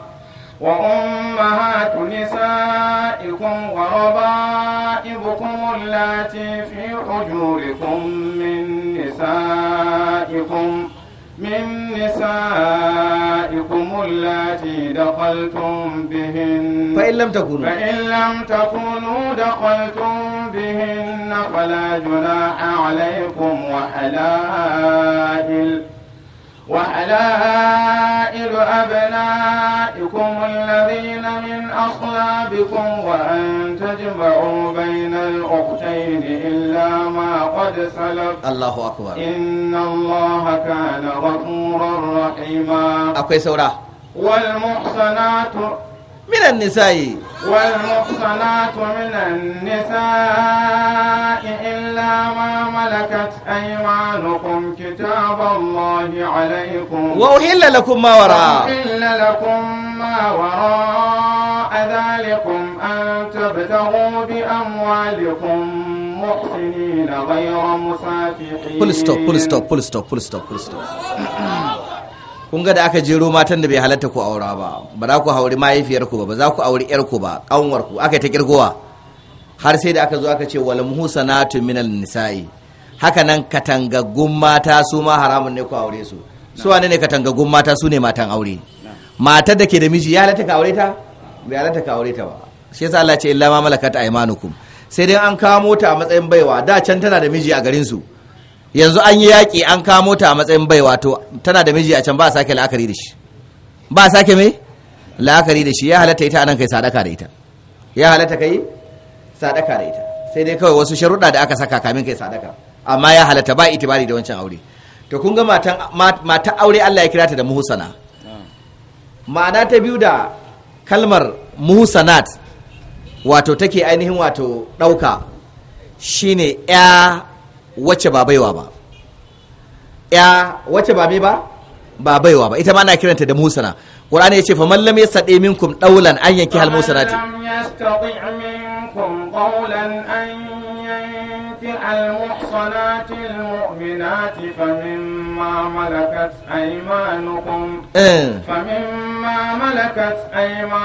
وأمهات نسائكم وربائبكم التي في حجوركم من نسائكم من نسائكم التي دخلتم بهن فإن لم تكونوا فإن لم تكونوا دخلتم بهن فلا جناح عليكم وحلائل وحلائل أبنائكم الذين من أصلابكم وأن تجمعوا بين الأختين إلا ما قد سلف الله أكبر إن الله كان غفورا رحيما أكوي سورة والمحصنات من النساء والمحصنات من النساء إلا ما ملكت أيمانكم كتاب الله عليكم وأحل لكم ما وراء وأحل لكم ما وراء ذلكم أن تبتغوا بأموالكم محسنين غير مسافحين Pull stop, pull stop, pull stop, pull stop, pull stop. kun ga da aka jero matan da bai halatta ku aura ba ba za ku hauri mahaifiyar ku ba ba za ku auri yar ku ba kanwar ku aka ta kirgowa har sai da aka zo aka ce wal muhsanatu minal nisa'i haka nan katangagun mata su ma haramun ne ku aure su su wane ne katangagun mata su ne matan aure matar da ke da miji ya halatta ka aure ta bai halatta ka aure ta ba shi yasa Allah ce illa ma malakat aymanukum sai dai an kawo mota a matsayin baiwa da can tana da miji a garin su yanzu an yi yaƙi an kamo ta a matsayin bai wato tana da miji a can ba a sake la'akari da shi ba a sake me la'akari da shi ya halatta ita nan kai sadaka da ita ya halatta kai sadaka da ita sai dai kawai wasu sharuɗa da aka saka kamin kai sadaka amma ya halatta ba itibari da wancan aure to kun ga matan mata aure Allah ya kira ta da muhsana ma'ana ta biyu da kalmar muhsanat wato take ainihin wato ɗauka shine ya wacce ba baiwa ba ya wacce ba me ba ba baiwa ba ita ma na kiranta da musana ya ce fa man lam yastati minkum dawlan an yanki hal musanati lam almahusunatil muminat famin ma malakas a yi manufon famin ma ya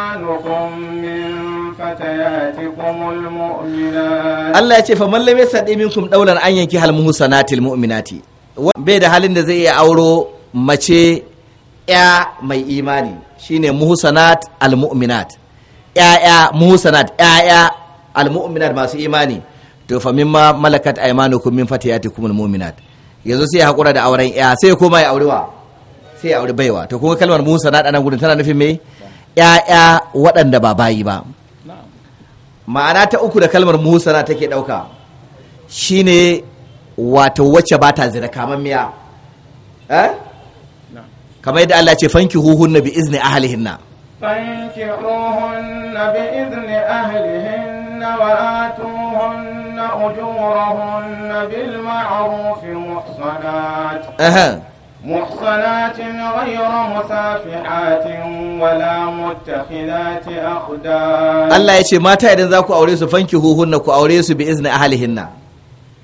yi ta kumul ya ce fa mallamai sanɗaimin kun ɗaular an yankin almahusunatil muminati. bai da halin da zai iya auro mace ƴa mai imani shine muhsana'at almuminat ƴaƴa muhsana'at ƴaƴa almuminat masu imani. to fa mimma malakat aymanukum min fatiyatikum almu'minat yanzu sai ya hakura da auren ya sai ya koma ya aurewa sai ya aure baiwa to kuma kalmar musa na dana gudun tana nufin me ya'ya waɗanda ba bayi ba ma'ana ta uku da kalmar musa na take ɗauka shine wato wacce ba ta zina kaman miya eh kamar yadda Allah ce fanki huhun na bi izni ahlihinna fanki huhun na bi izni ahlihinna wa atuhun يؤتون أجورهن بالمعروف محصنات محصنات غير مسافحات ولا متخذات أخدان الله يشي ماتا إذن ذاكو أوليسو فانكهوهن كو أوليسو بإذن أهلهن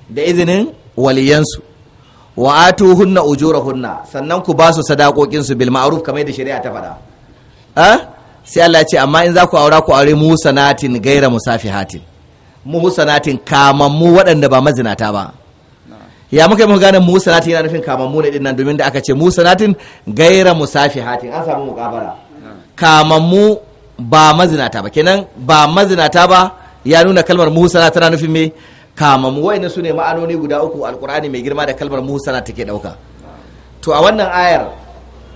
da izinin wa'atu hunna atuhunna hunna, sannan ku basu sadakokinsu bil ma'aruf kamar da shari'a ta faɗa eh sai Allah ce amma in za ku aura ku aure musanatin gaira musafihatin muhsanatin kamammu waɗanda ba mazinata ba ya muka yi muka gane yana nufin kamammu ne dinnan domin da aka ce muhsanatin gaira musafi hatin an samu mukabara kamammu ba mazinata ba kenan ba mazinata ba ya nuna kalmar muhsana tana nufin me kamammu wayannan su ne ma'anoni guda uku alkur'ani mai girma da kalmar muhsana take ɗauka to a wannan ayar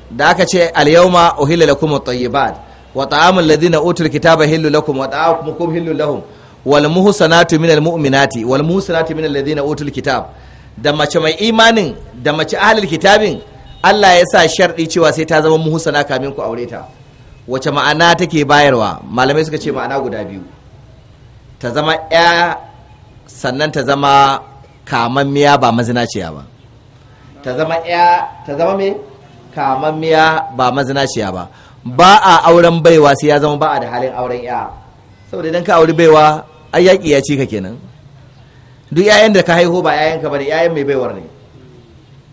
da aka ce alyawma uhilla lakum at-tayyibat wa ta'amul ladina utul kitaba hillu lakum wa ta'amukum hillu lahum wal min minal mu'minati wal muhsanatu minal ladina utul kitab da mace mai imanin da mace ahlul kitabin Allah ya sa sharɗi cewa sai ta zama muhsana kamin ku aure ta wace ma'ana take bayarwa malamai suka ce ma'ana guda biyu ta zama ya sannan ta zama kamammiya ba mazinaciya ba ta zama ya ta zama me kamammiya ba mazinaciya ba ba a auren baiwa sai ya zama ba a da halin auren ya saboda idan ka auri baiwa ai yaƙi ya ci ka kenan duk yayan da ka haihu ba yayan ka bane yayan mai baiwar ne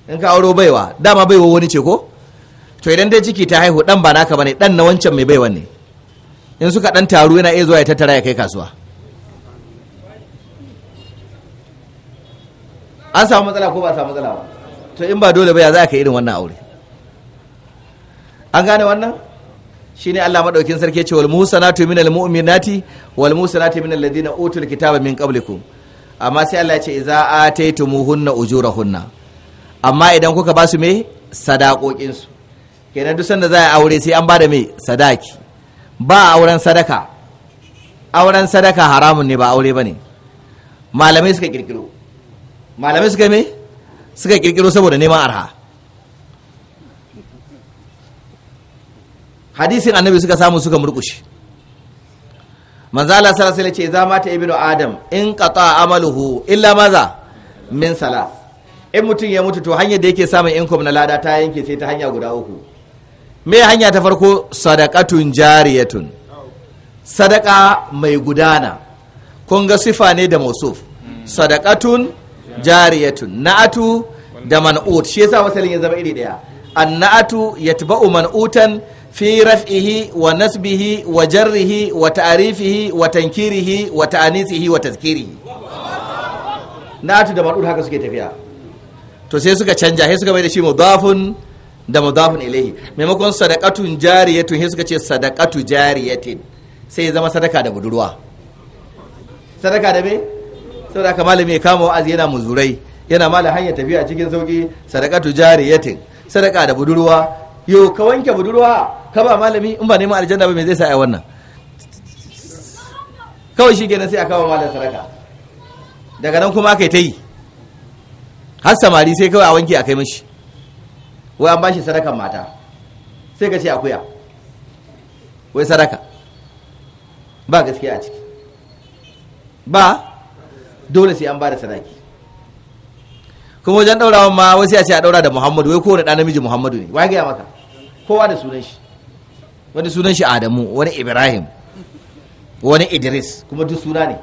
in ka auro baiwa dama baiwa wani ce ko to idan dai ciki ta haihu dan ba naka bane dan na wancan mai baiwar ne in suka dan taru yana iya zuwa ya tattara ya kai kasuwa an samu matsala ko ba samu matsala ba to in ba dole ba ya za ka irin wannan aure an gane wannan shine Allah madaukin sarki ce wal musanatu minal mu'minati wal musanatu minal ladina utul kitaba min qablikum amma sai Allah ya ce idza ataytumuhunna ujurahunna amma idan kuka ba su me sadakokin su kenan duk sanda za a aure sai an ba da me sadaki ba auren sadaka auren sadaka haramun ne ba aure bane malamai suka kirkiro malamai suka me suka kirkiro saboda neman arha hadisin annabi suka samu suka murkushe manzala sallallahu alaihi ce za mata ibnu adam in qata amaluhu illa maza min sala. in mutum ya mutu to hanyar da yake samun income na lada ta yanke sai ta hanya guda uku me hanya ta farko sadaqatun jariyatun sadaka mai gudana kun ga sifa ne da mausuf sadaqatun jariyatun na'atu da man'ut shi yasa wasalin ya zama iri daya annatu yatba'u man'utan fi raf'ihi wa nasbihi wa jarrihi wa ta'rifihi wa tankirihi wa ta'anisihi wa tazkirihi na'atu da madud haka suke tafiya to sai suka canja sai suka mai da shi mudafun da mudafun ilaihi maimakon sadaqatun jariyatun sai suka ce sadaqatu jariyatin sai ya zama sadaka da budurwa sadaka da me saboda haka malami ya kama wa'azi yana muzurai yana mala hanyar tafiya cikin sauki sadaqatu jariyatin sadaka da budurwa yo ka wanke budurwa ka ba malami in ba neman aljanna ba me zai sa ai wannan kawai shi kenan sai a kawo malam saraka daga nan kuma aka yi ta yi har samari sai kawai a wanke a kai mashi wai an bashi sadakan mata sai ka ce akuya wai sadaka ba gaskiya a ciki ba dole sai an ba da sadaki kuma wajen daurawa ma wasu ya ce a daura da muhammadu wai kowane ɗan namiji muhammadu ne wai gaya maka kowa da sunan shi wani sunan shi adamu wani ibrahim wani idris kuma duk suna ne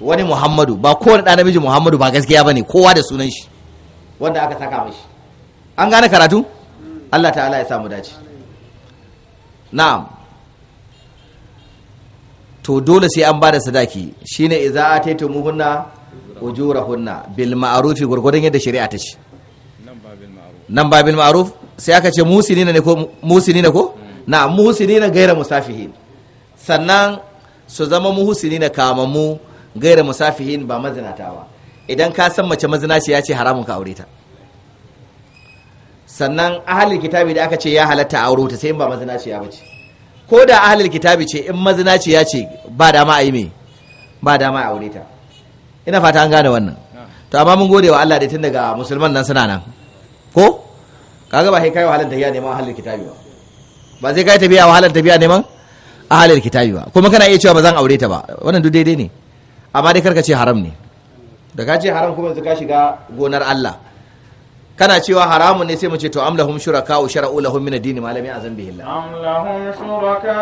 wani muhammadu ba kowane ɗan namiji muhammadu ba gaskiya ba ne kowa da sunan shi wanda aka saka mashi an gane karatu allah ta'ala ya samu dace na'am to dole sai an bada sadaki shine idza ataytum hunna ujurahunna bil ma'ruf gurgurdan yadda shari'a ta ce nan ba bil ma'ruf sai aka ce musinina ne ko musinina ko na na gaira musafihin sannan su zama na kamamu gaira musafihin ba mazinata ba idan ka san mace mazinaci ya ce haramun ka aure ta sannan ahalil kitabi da aka ce ya halatta a aure ta sai in ba mazinaci ya bace ko da ahalil kitabi ce in mazinaci ya ce ba dama a yi me ba dama a aure ta ina fata an gane wannan to amma mun gode wa Allah da tun daga musulman nan suna nan ko kaga ba sai kai ya ne ma ahalil kitabi ba ba sai kai tafiya wahalar tafiya neman a halar kitabi ba kuma kana iya cewa ba zan aure ta ba wannan duk daidai ne amma dai karka ce haram ne da ka ce haram kuma yanzu ka shiga gonar Allah kana cewa haramun ne sai mu ce to am shuraka wa shara'u lahum min ad-din ma lam ya'zan bihi Allah am shuraka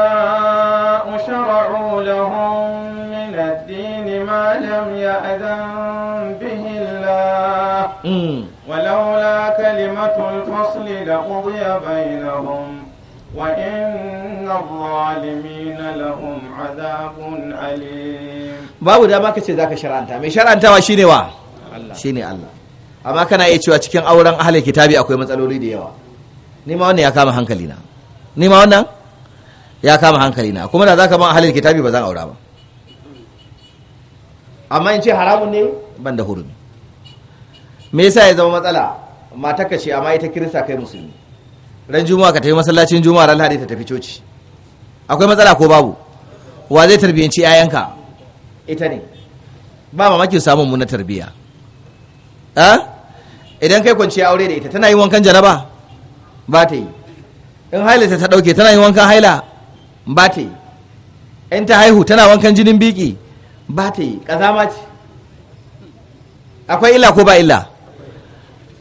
wa shara'u lahum min ad-din ma lam ya'zan bihi Allah ولولا hmm. fasl la qudiya bainahum babu dama ka ce za ka shara'anta mai shara'nta wa shine wa shi ne Allah amma kana iya cewa cikin auren ahalin kitabi akwai matsaloli da yawa nima wannan ya kama hankali na nima wannan ya kama hankali na kuma da za ka ban ahalin kitabi ba zan aura ba amma in ce haramun ne ban da hurumi me yasa ya zama matsala ka ce amma ita kirista kai musulmi ran juma'a ka tafi masallacin juma'a ran lahadi ta tafi coci akwai matsala ko babu wa zai tarbiyanci 'ya'yanka ita ne ba mamakin samun mu na tarbiya idan kai kwanciya aure da ita tana yin wankan jaraba? ba ta yi in haila ta dauke tana yin wankan haila ba ta yi in ta haihu tana wankan jinin biki ba ta yi kazama ce akwai illa ko ba illa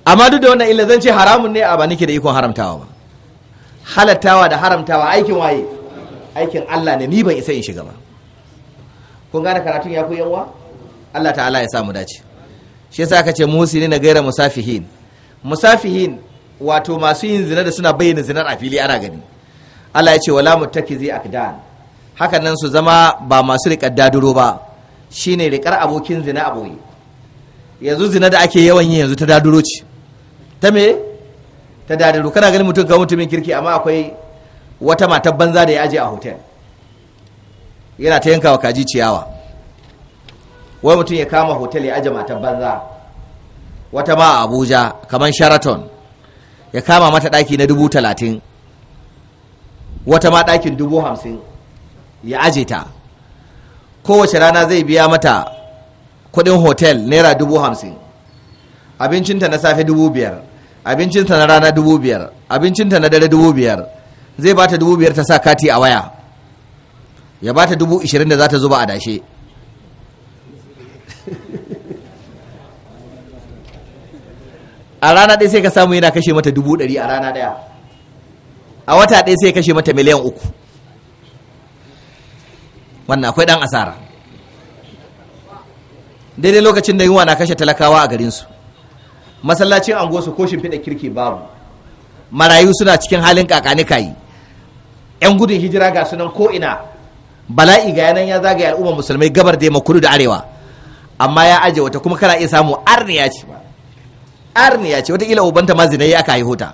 amma duk da wannan illa zan ce haramun ne a ba nike da ikon haramtawa ba halattawa da haramtawa aikin waye aikin Allah ne ni ban isa in shiga ba kun gane karatun ya ku yawa Allah ta'ala ya samu dace shi yasa aka ce musini na gaira musafihin musafihin wato masu yin zina da suna bayyana zinar a fili ana gani Allah ya ce wala muttakizi akdan hakan nan su zama ba masu riƙar daduro ba shine riƙar abokin zina a boye yanzu zina da ake yawan yi yanzu ta daduro ce ta me ta da dadaru kana ganin mutum ka mutumin kirki amma akwai wata matar banza da ya aje a hotel yana ta yanka wa kaji ciyawa wai mutum ya kama hotel ya aje matar banza wata ma a abuja kamar sheraton ya kama mata daki na dubu talatin wata ma dakin dubu hamsin ya aje ta kowace rana zai biya mata kudin hotel naira dubu hamsin abincinta na safe dubu biyar abincinta na rana dubu biyar abincinta na dare dubu biyar zai bata dubu biyar ta sa kati a waya ya bata dubu ishirin da za ta zuba a dashe a rana ɗaya sai ka samu yana kashe mata dubu ɗari a rana ɗaya a wata ɗaya sai kashe mata miliyan uku wannan akwai ɗan asara daidai lokacin da yunwa na kashe talakawa a garinsu masallacin anguwarsu ko shimfiɗa kirki babu marayu suna cikin halin kakani kayi yan gudun hijira ga sunan ko ina bala'i ga yanan ya zagaya al'ummar musulmai gabar da kudu da arewa amma ya aje wata kuma kana iya samu arniya ce arniya ce wata ila ubanta ma zinai aka haihu hota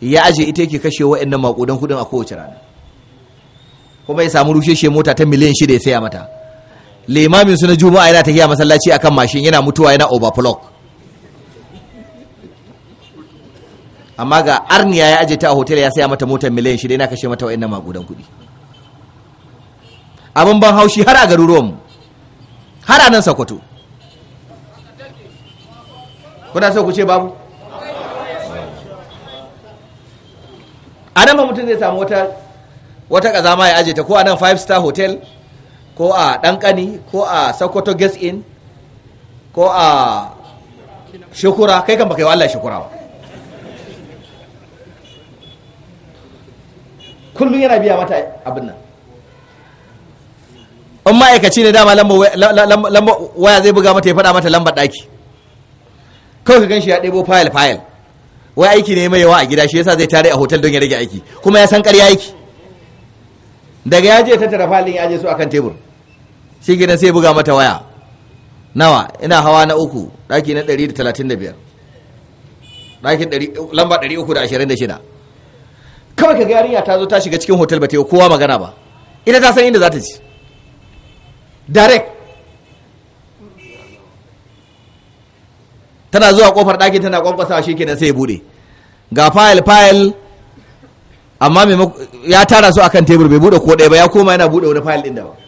ya aje ita yake kashe wa'annan makudan kuɗin a kowace rana kuma ya samu rushe mota ta miliyan shida ya saya mata limamin su na juma'a yana tafiya masallaci akan mashin yana mutuwa yana overflow amma ga arniya ya aje ta a hotel ya saya mata motar miliyan shida yana kashe mata wa'annan magudan kuɗi abin ban haushi har a garuruwanmu har a nan sakwato kuna so ku ce babu a nan mutum zai samu wata wata kazama ya aje ta ko a nan five star hotel ko a ɗanƙani ko a sokoto guest in ko a shukura kai kan baka yi wa Allah shukura ba kullum yana biya mata abin nan in ma'aikaci ne dama lamba waya zai buga mata ya faɗa mata lambar ɗaki kawai ka gan shi ya ɗebo fayil fayil wai aiki ne mai yawa a gida shi yasa zai tare a hotel don ya rage aiki kuma ya san ƙarya aiki daga ya je tattara fayilin ya je su akan tebur shi gina sai buga mata waya nawa ina hawa na uku ɗaki na 135 ɗakin lamba 326 kawai ka yarinya ta zo ta shiga cikin hotel ba ta yi kowa magana ba ina ta san inda za ta ji direct tana zuwa kofar ɗakin tana kwankwasa shi kenan sai ya bude ga fayil fayil amma ya tara su akan tebur bai bude ko ɗaya ba ya koma yana bude wani fayil ɗin da ba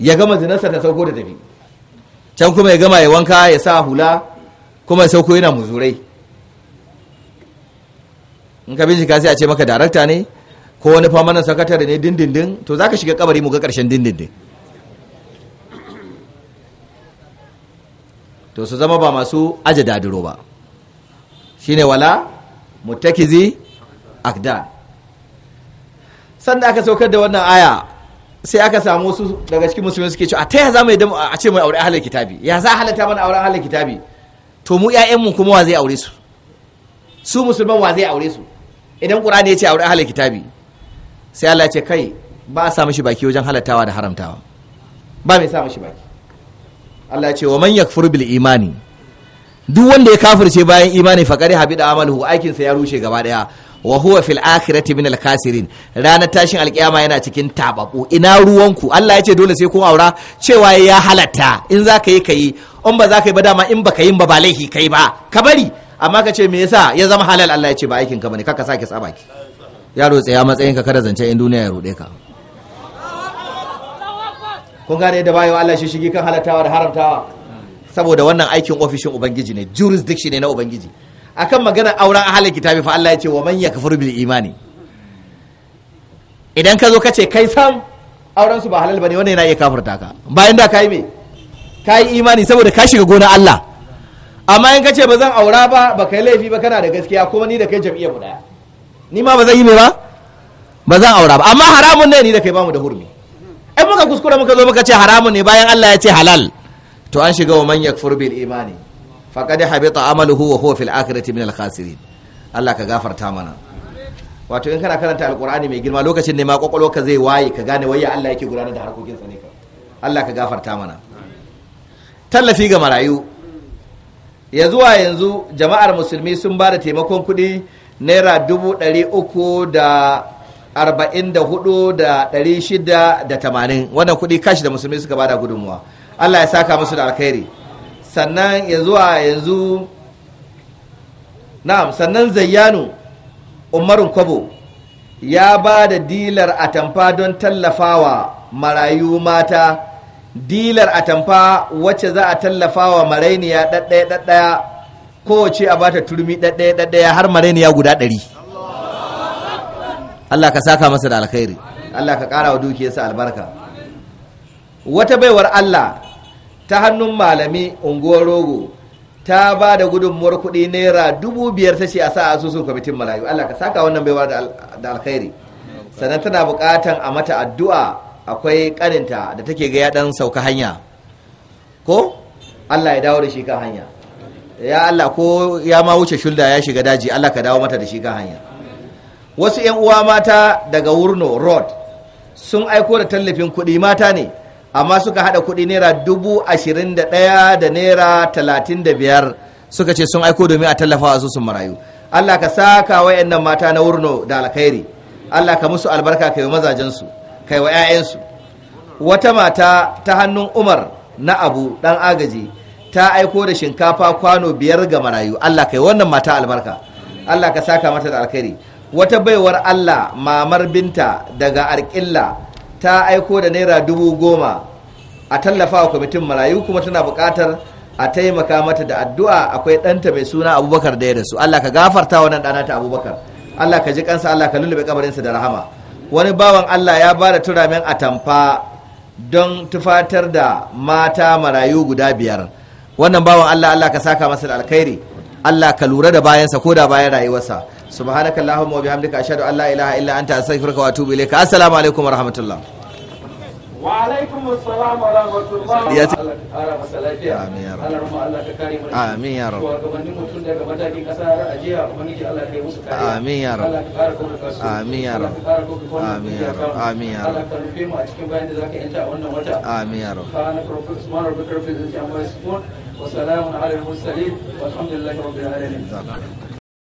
ya gama zinarsa ta sauko da tafi can kuma ya gama ya wanka ya sa hula kuma ko yana muzurai in ka bincika sai a ce maka darakta ne ko wani famanan sakatare ne dindindin to za ka shiga kabari mu ga karshen dindindin to su zama ba masu aje dadiro ba shine wala mutakizi akdan sanda aka saukar da wannan aya sai aka samu su daga cikin musulmi suke cewa a ta ya za mu a ce mai aure ahalar kitabi ya za halatta mana auren ahalar kitabi to mu 'ya'yanmu kuma wa zai aure su su musulman wa zai aure su idan ƙura'ani ya ce aure ahalar kitabi sai Allah ce kai ba a sami shi baki wajen halattawa da haramtawa ba mai sa shi baki Allah ce wa man yakfur bil imani duk wanda ya kafirce bayan imani faqari habi da aikin sa ya rushe gaba daya wa huwa fil akhirati min al khasirin ranar tashin alkiyama yana cikin tababu ina ruwanku Allah ya ce dole sai kun aura cewa ya halatta in za ka yi ka yi in ba za ka yi ba dama in baka yin ba ba laihi kai ba ka bari amma ka ce me yasa ya zama halal Allah ya ce ba aikin ka bane kaka sake tsaba ki yaro tsaya matsayin ka kada zance in duniya ya rude ka kun gane da bayo Allah shi shigi kan halattawa da haramtawa saboda wannan aikin ofishin ubangiji ne jurisdiction ne na ubangiji akan magana auren ahalin kitabi fa Allah ya ce wa man yakfur bil imani idan ka zo ka ce kai sam auren su ba halal bane wannan yana iya kafirta ka bayan da kai me kai imani saboda ka shiga gonar Allah amma in ka ce ba zan aura ba ba kai laifi ba kana da gaskiya kuma ni da kai jami'a mu daya ni ma ba zan yi me ba ba zan aura ba amma haramun ne ni da kai mu da hurmi in muka kuskura muka zo muka ce haramun ne bayan Allah ya ce halal to an shiga wa man yakfur imani faqad habita amaluhu wa huwa fil min al Allah ka gafarta mana wato in kana karanta alqur'ani mai girma lokacin ne ma ka zai waye ka gane waya Allah yake gudanar da harkokinsa ne ka Allah ka gafarta mana tallafi ga marayu ya zuwa yanzu jama'ar musulmi sun ba da taimakon kuɗi naira dubu ɗari uku da arba'in da hudu da ɗari shida da tamanin wannan kuɗi kashi da musulmi suka ba da gudunmuwa Allah ya saka musu da alkhairi sannan ya zuwa yanzu na'am sannan zayyano umarun kwabo ya ba da dilar atamfa don tallafawa marayu mata dilar atamfa wacce za a tallafawa marainiya ɗaɗɗaya ɗaɗɗaya kowace a bata turmi ɗaɗɗaya ɗaɗɗaya har marainiya guda ɗari Allah ka saka masa da alkhairi Allah ka ƙara wa dukiyarsa albarka wata baiwar allah ta hannun malami unguwar rogo ta ba da gudunmuwar kuɗi naira dubu biyar ta ce a sa asusun kwamitin malayu allah ka saka wannan baiwa da alkhairi sannan tana buƙatan a mata addu'a akwai ƙaninta da take ga ɗan sauka hanya ko allah ya dawo da shi kan hanya ya allah ko ya ma wuce shulda ya shiga daji allah ka dawo mata da shi kan hanya wasu 'yan uwa mata daga wurno road sun aiko da tallafin kuɗi mata ne amma suka hada kuɗi naira dubu ashirin da ɗaya da naira talatin da biyar suka ce sun aiko domin a tallafa asusun marayu allah ka saka wayannan mata na wurno da alkhairi allah ka musu albarka kai wa mazajensu kai wa 'ya'yansu wata mata ta hannun umar na abu dan agaji ta aiko da shinkafa kwano biyar ga marayu allah kai wannan mata albarka allah ka saka mata da alkhairi wata baiwar allah mamar binta daga arkilla ta aiko da naira dubu goma a tallafa wa kwamitin marayu kuma tana buƙatar a taimaka mata da addu'a akwai ɗanta mai suna abubakar da ya rasu allah ka gafarta wa nan ɗana ta abubakar allah ka ji kansa allah ka lullube kabarinsa da rahama wani bawan allah ya ba da turamen atamfa don tufatar da mata marayu guda biyar wannan bawan allah allah ka saka masa da alkhairi allah ka lura da bayansa ko da bayan rayuwarsa subhanakallahumma wa bihamdika ashhadu an la ilaha illa anta astaghfiruka wa atubu ilayka assalamu alaikum wa وعليكم السلام ورحمة الله آمين يا رب آمين يا رب آمين يا رب آمين يا رب آمين يا رب آمين يا رب وسلام على المرسلين والحمد لله رب العالمين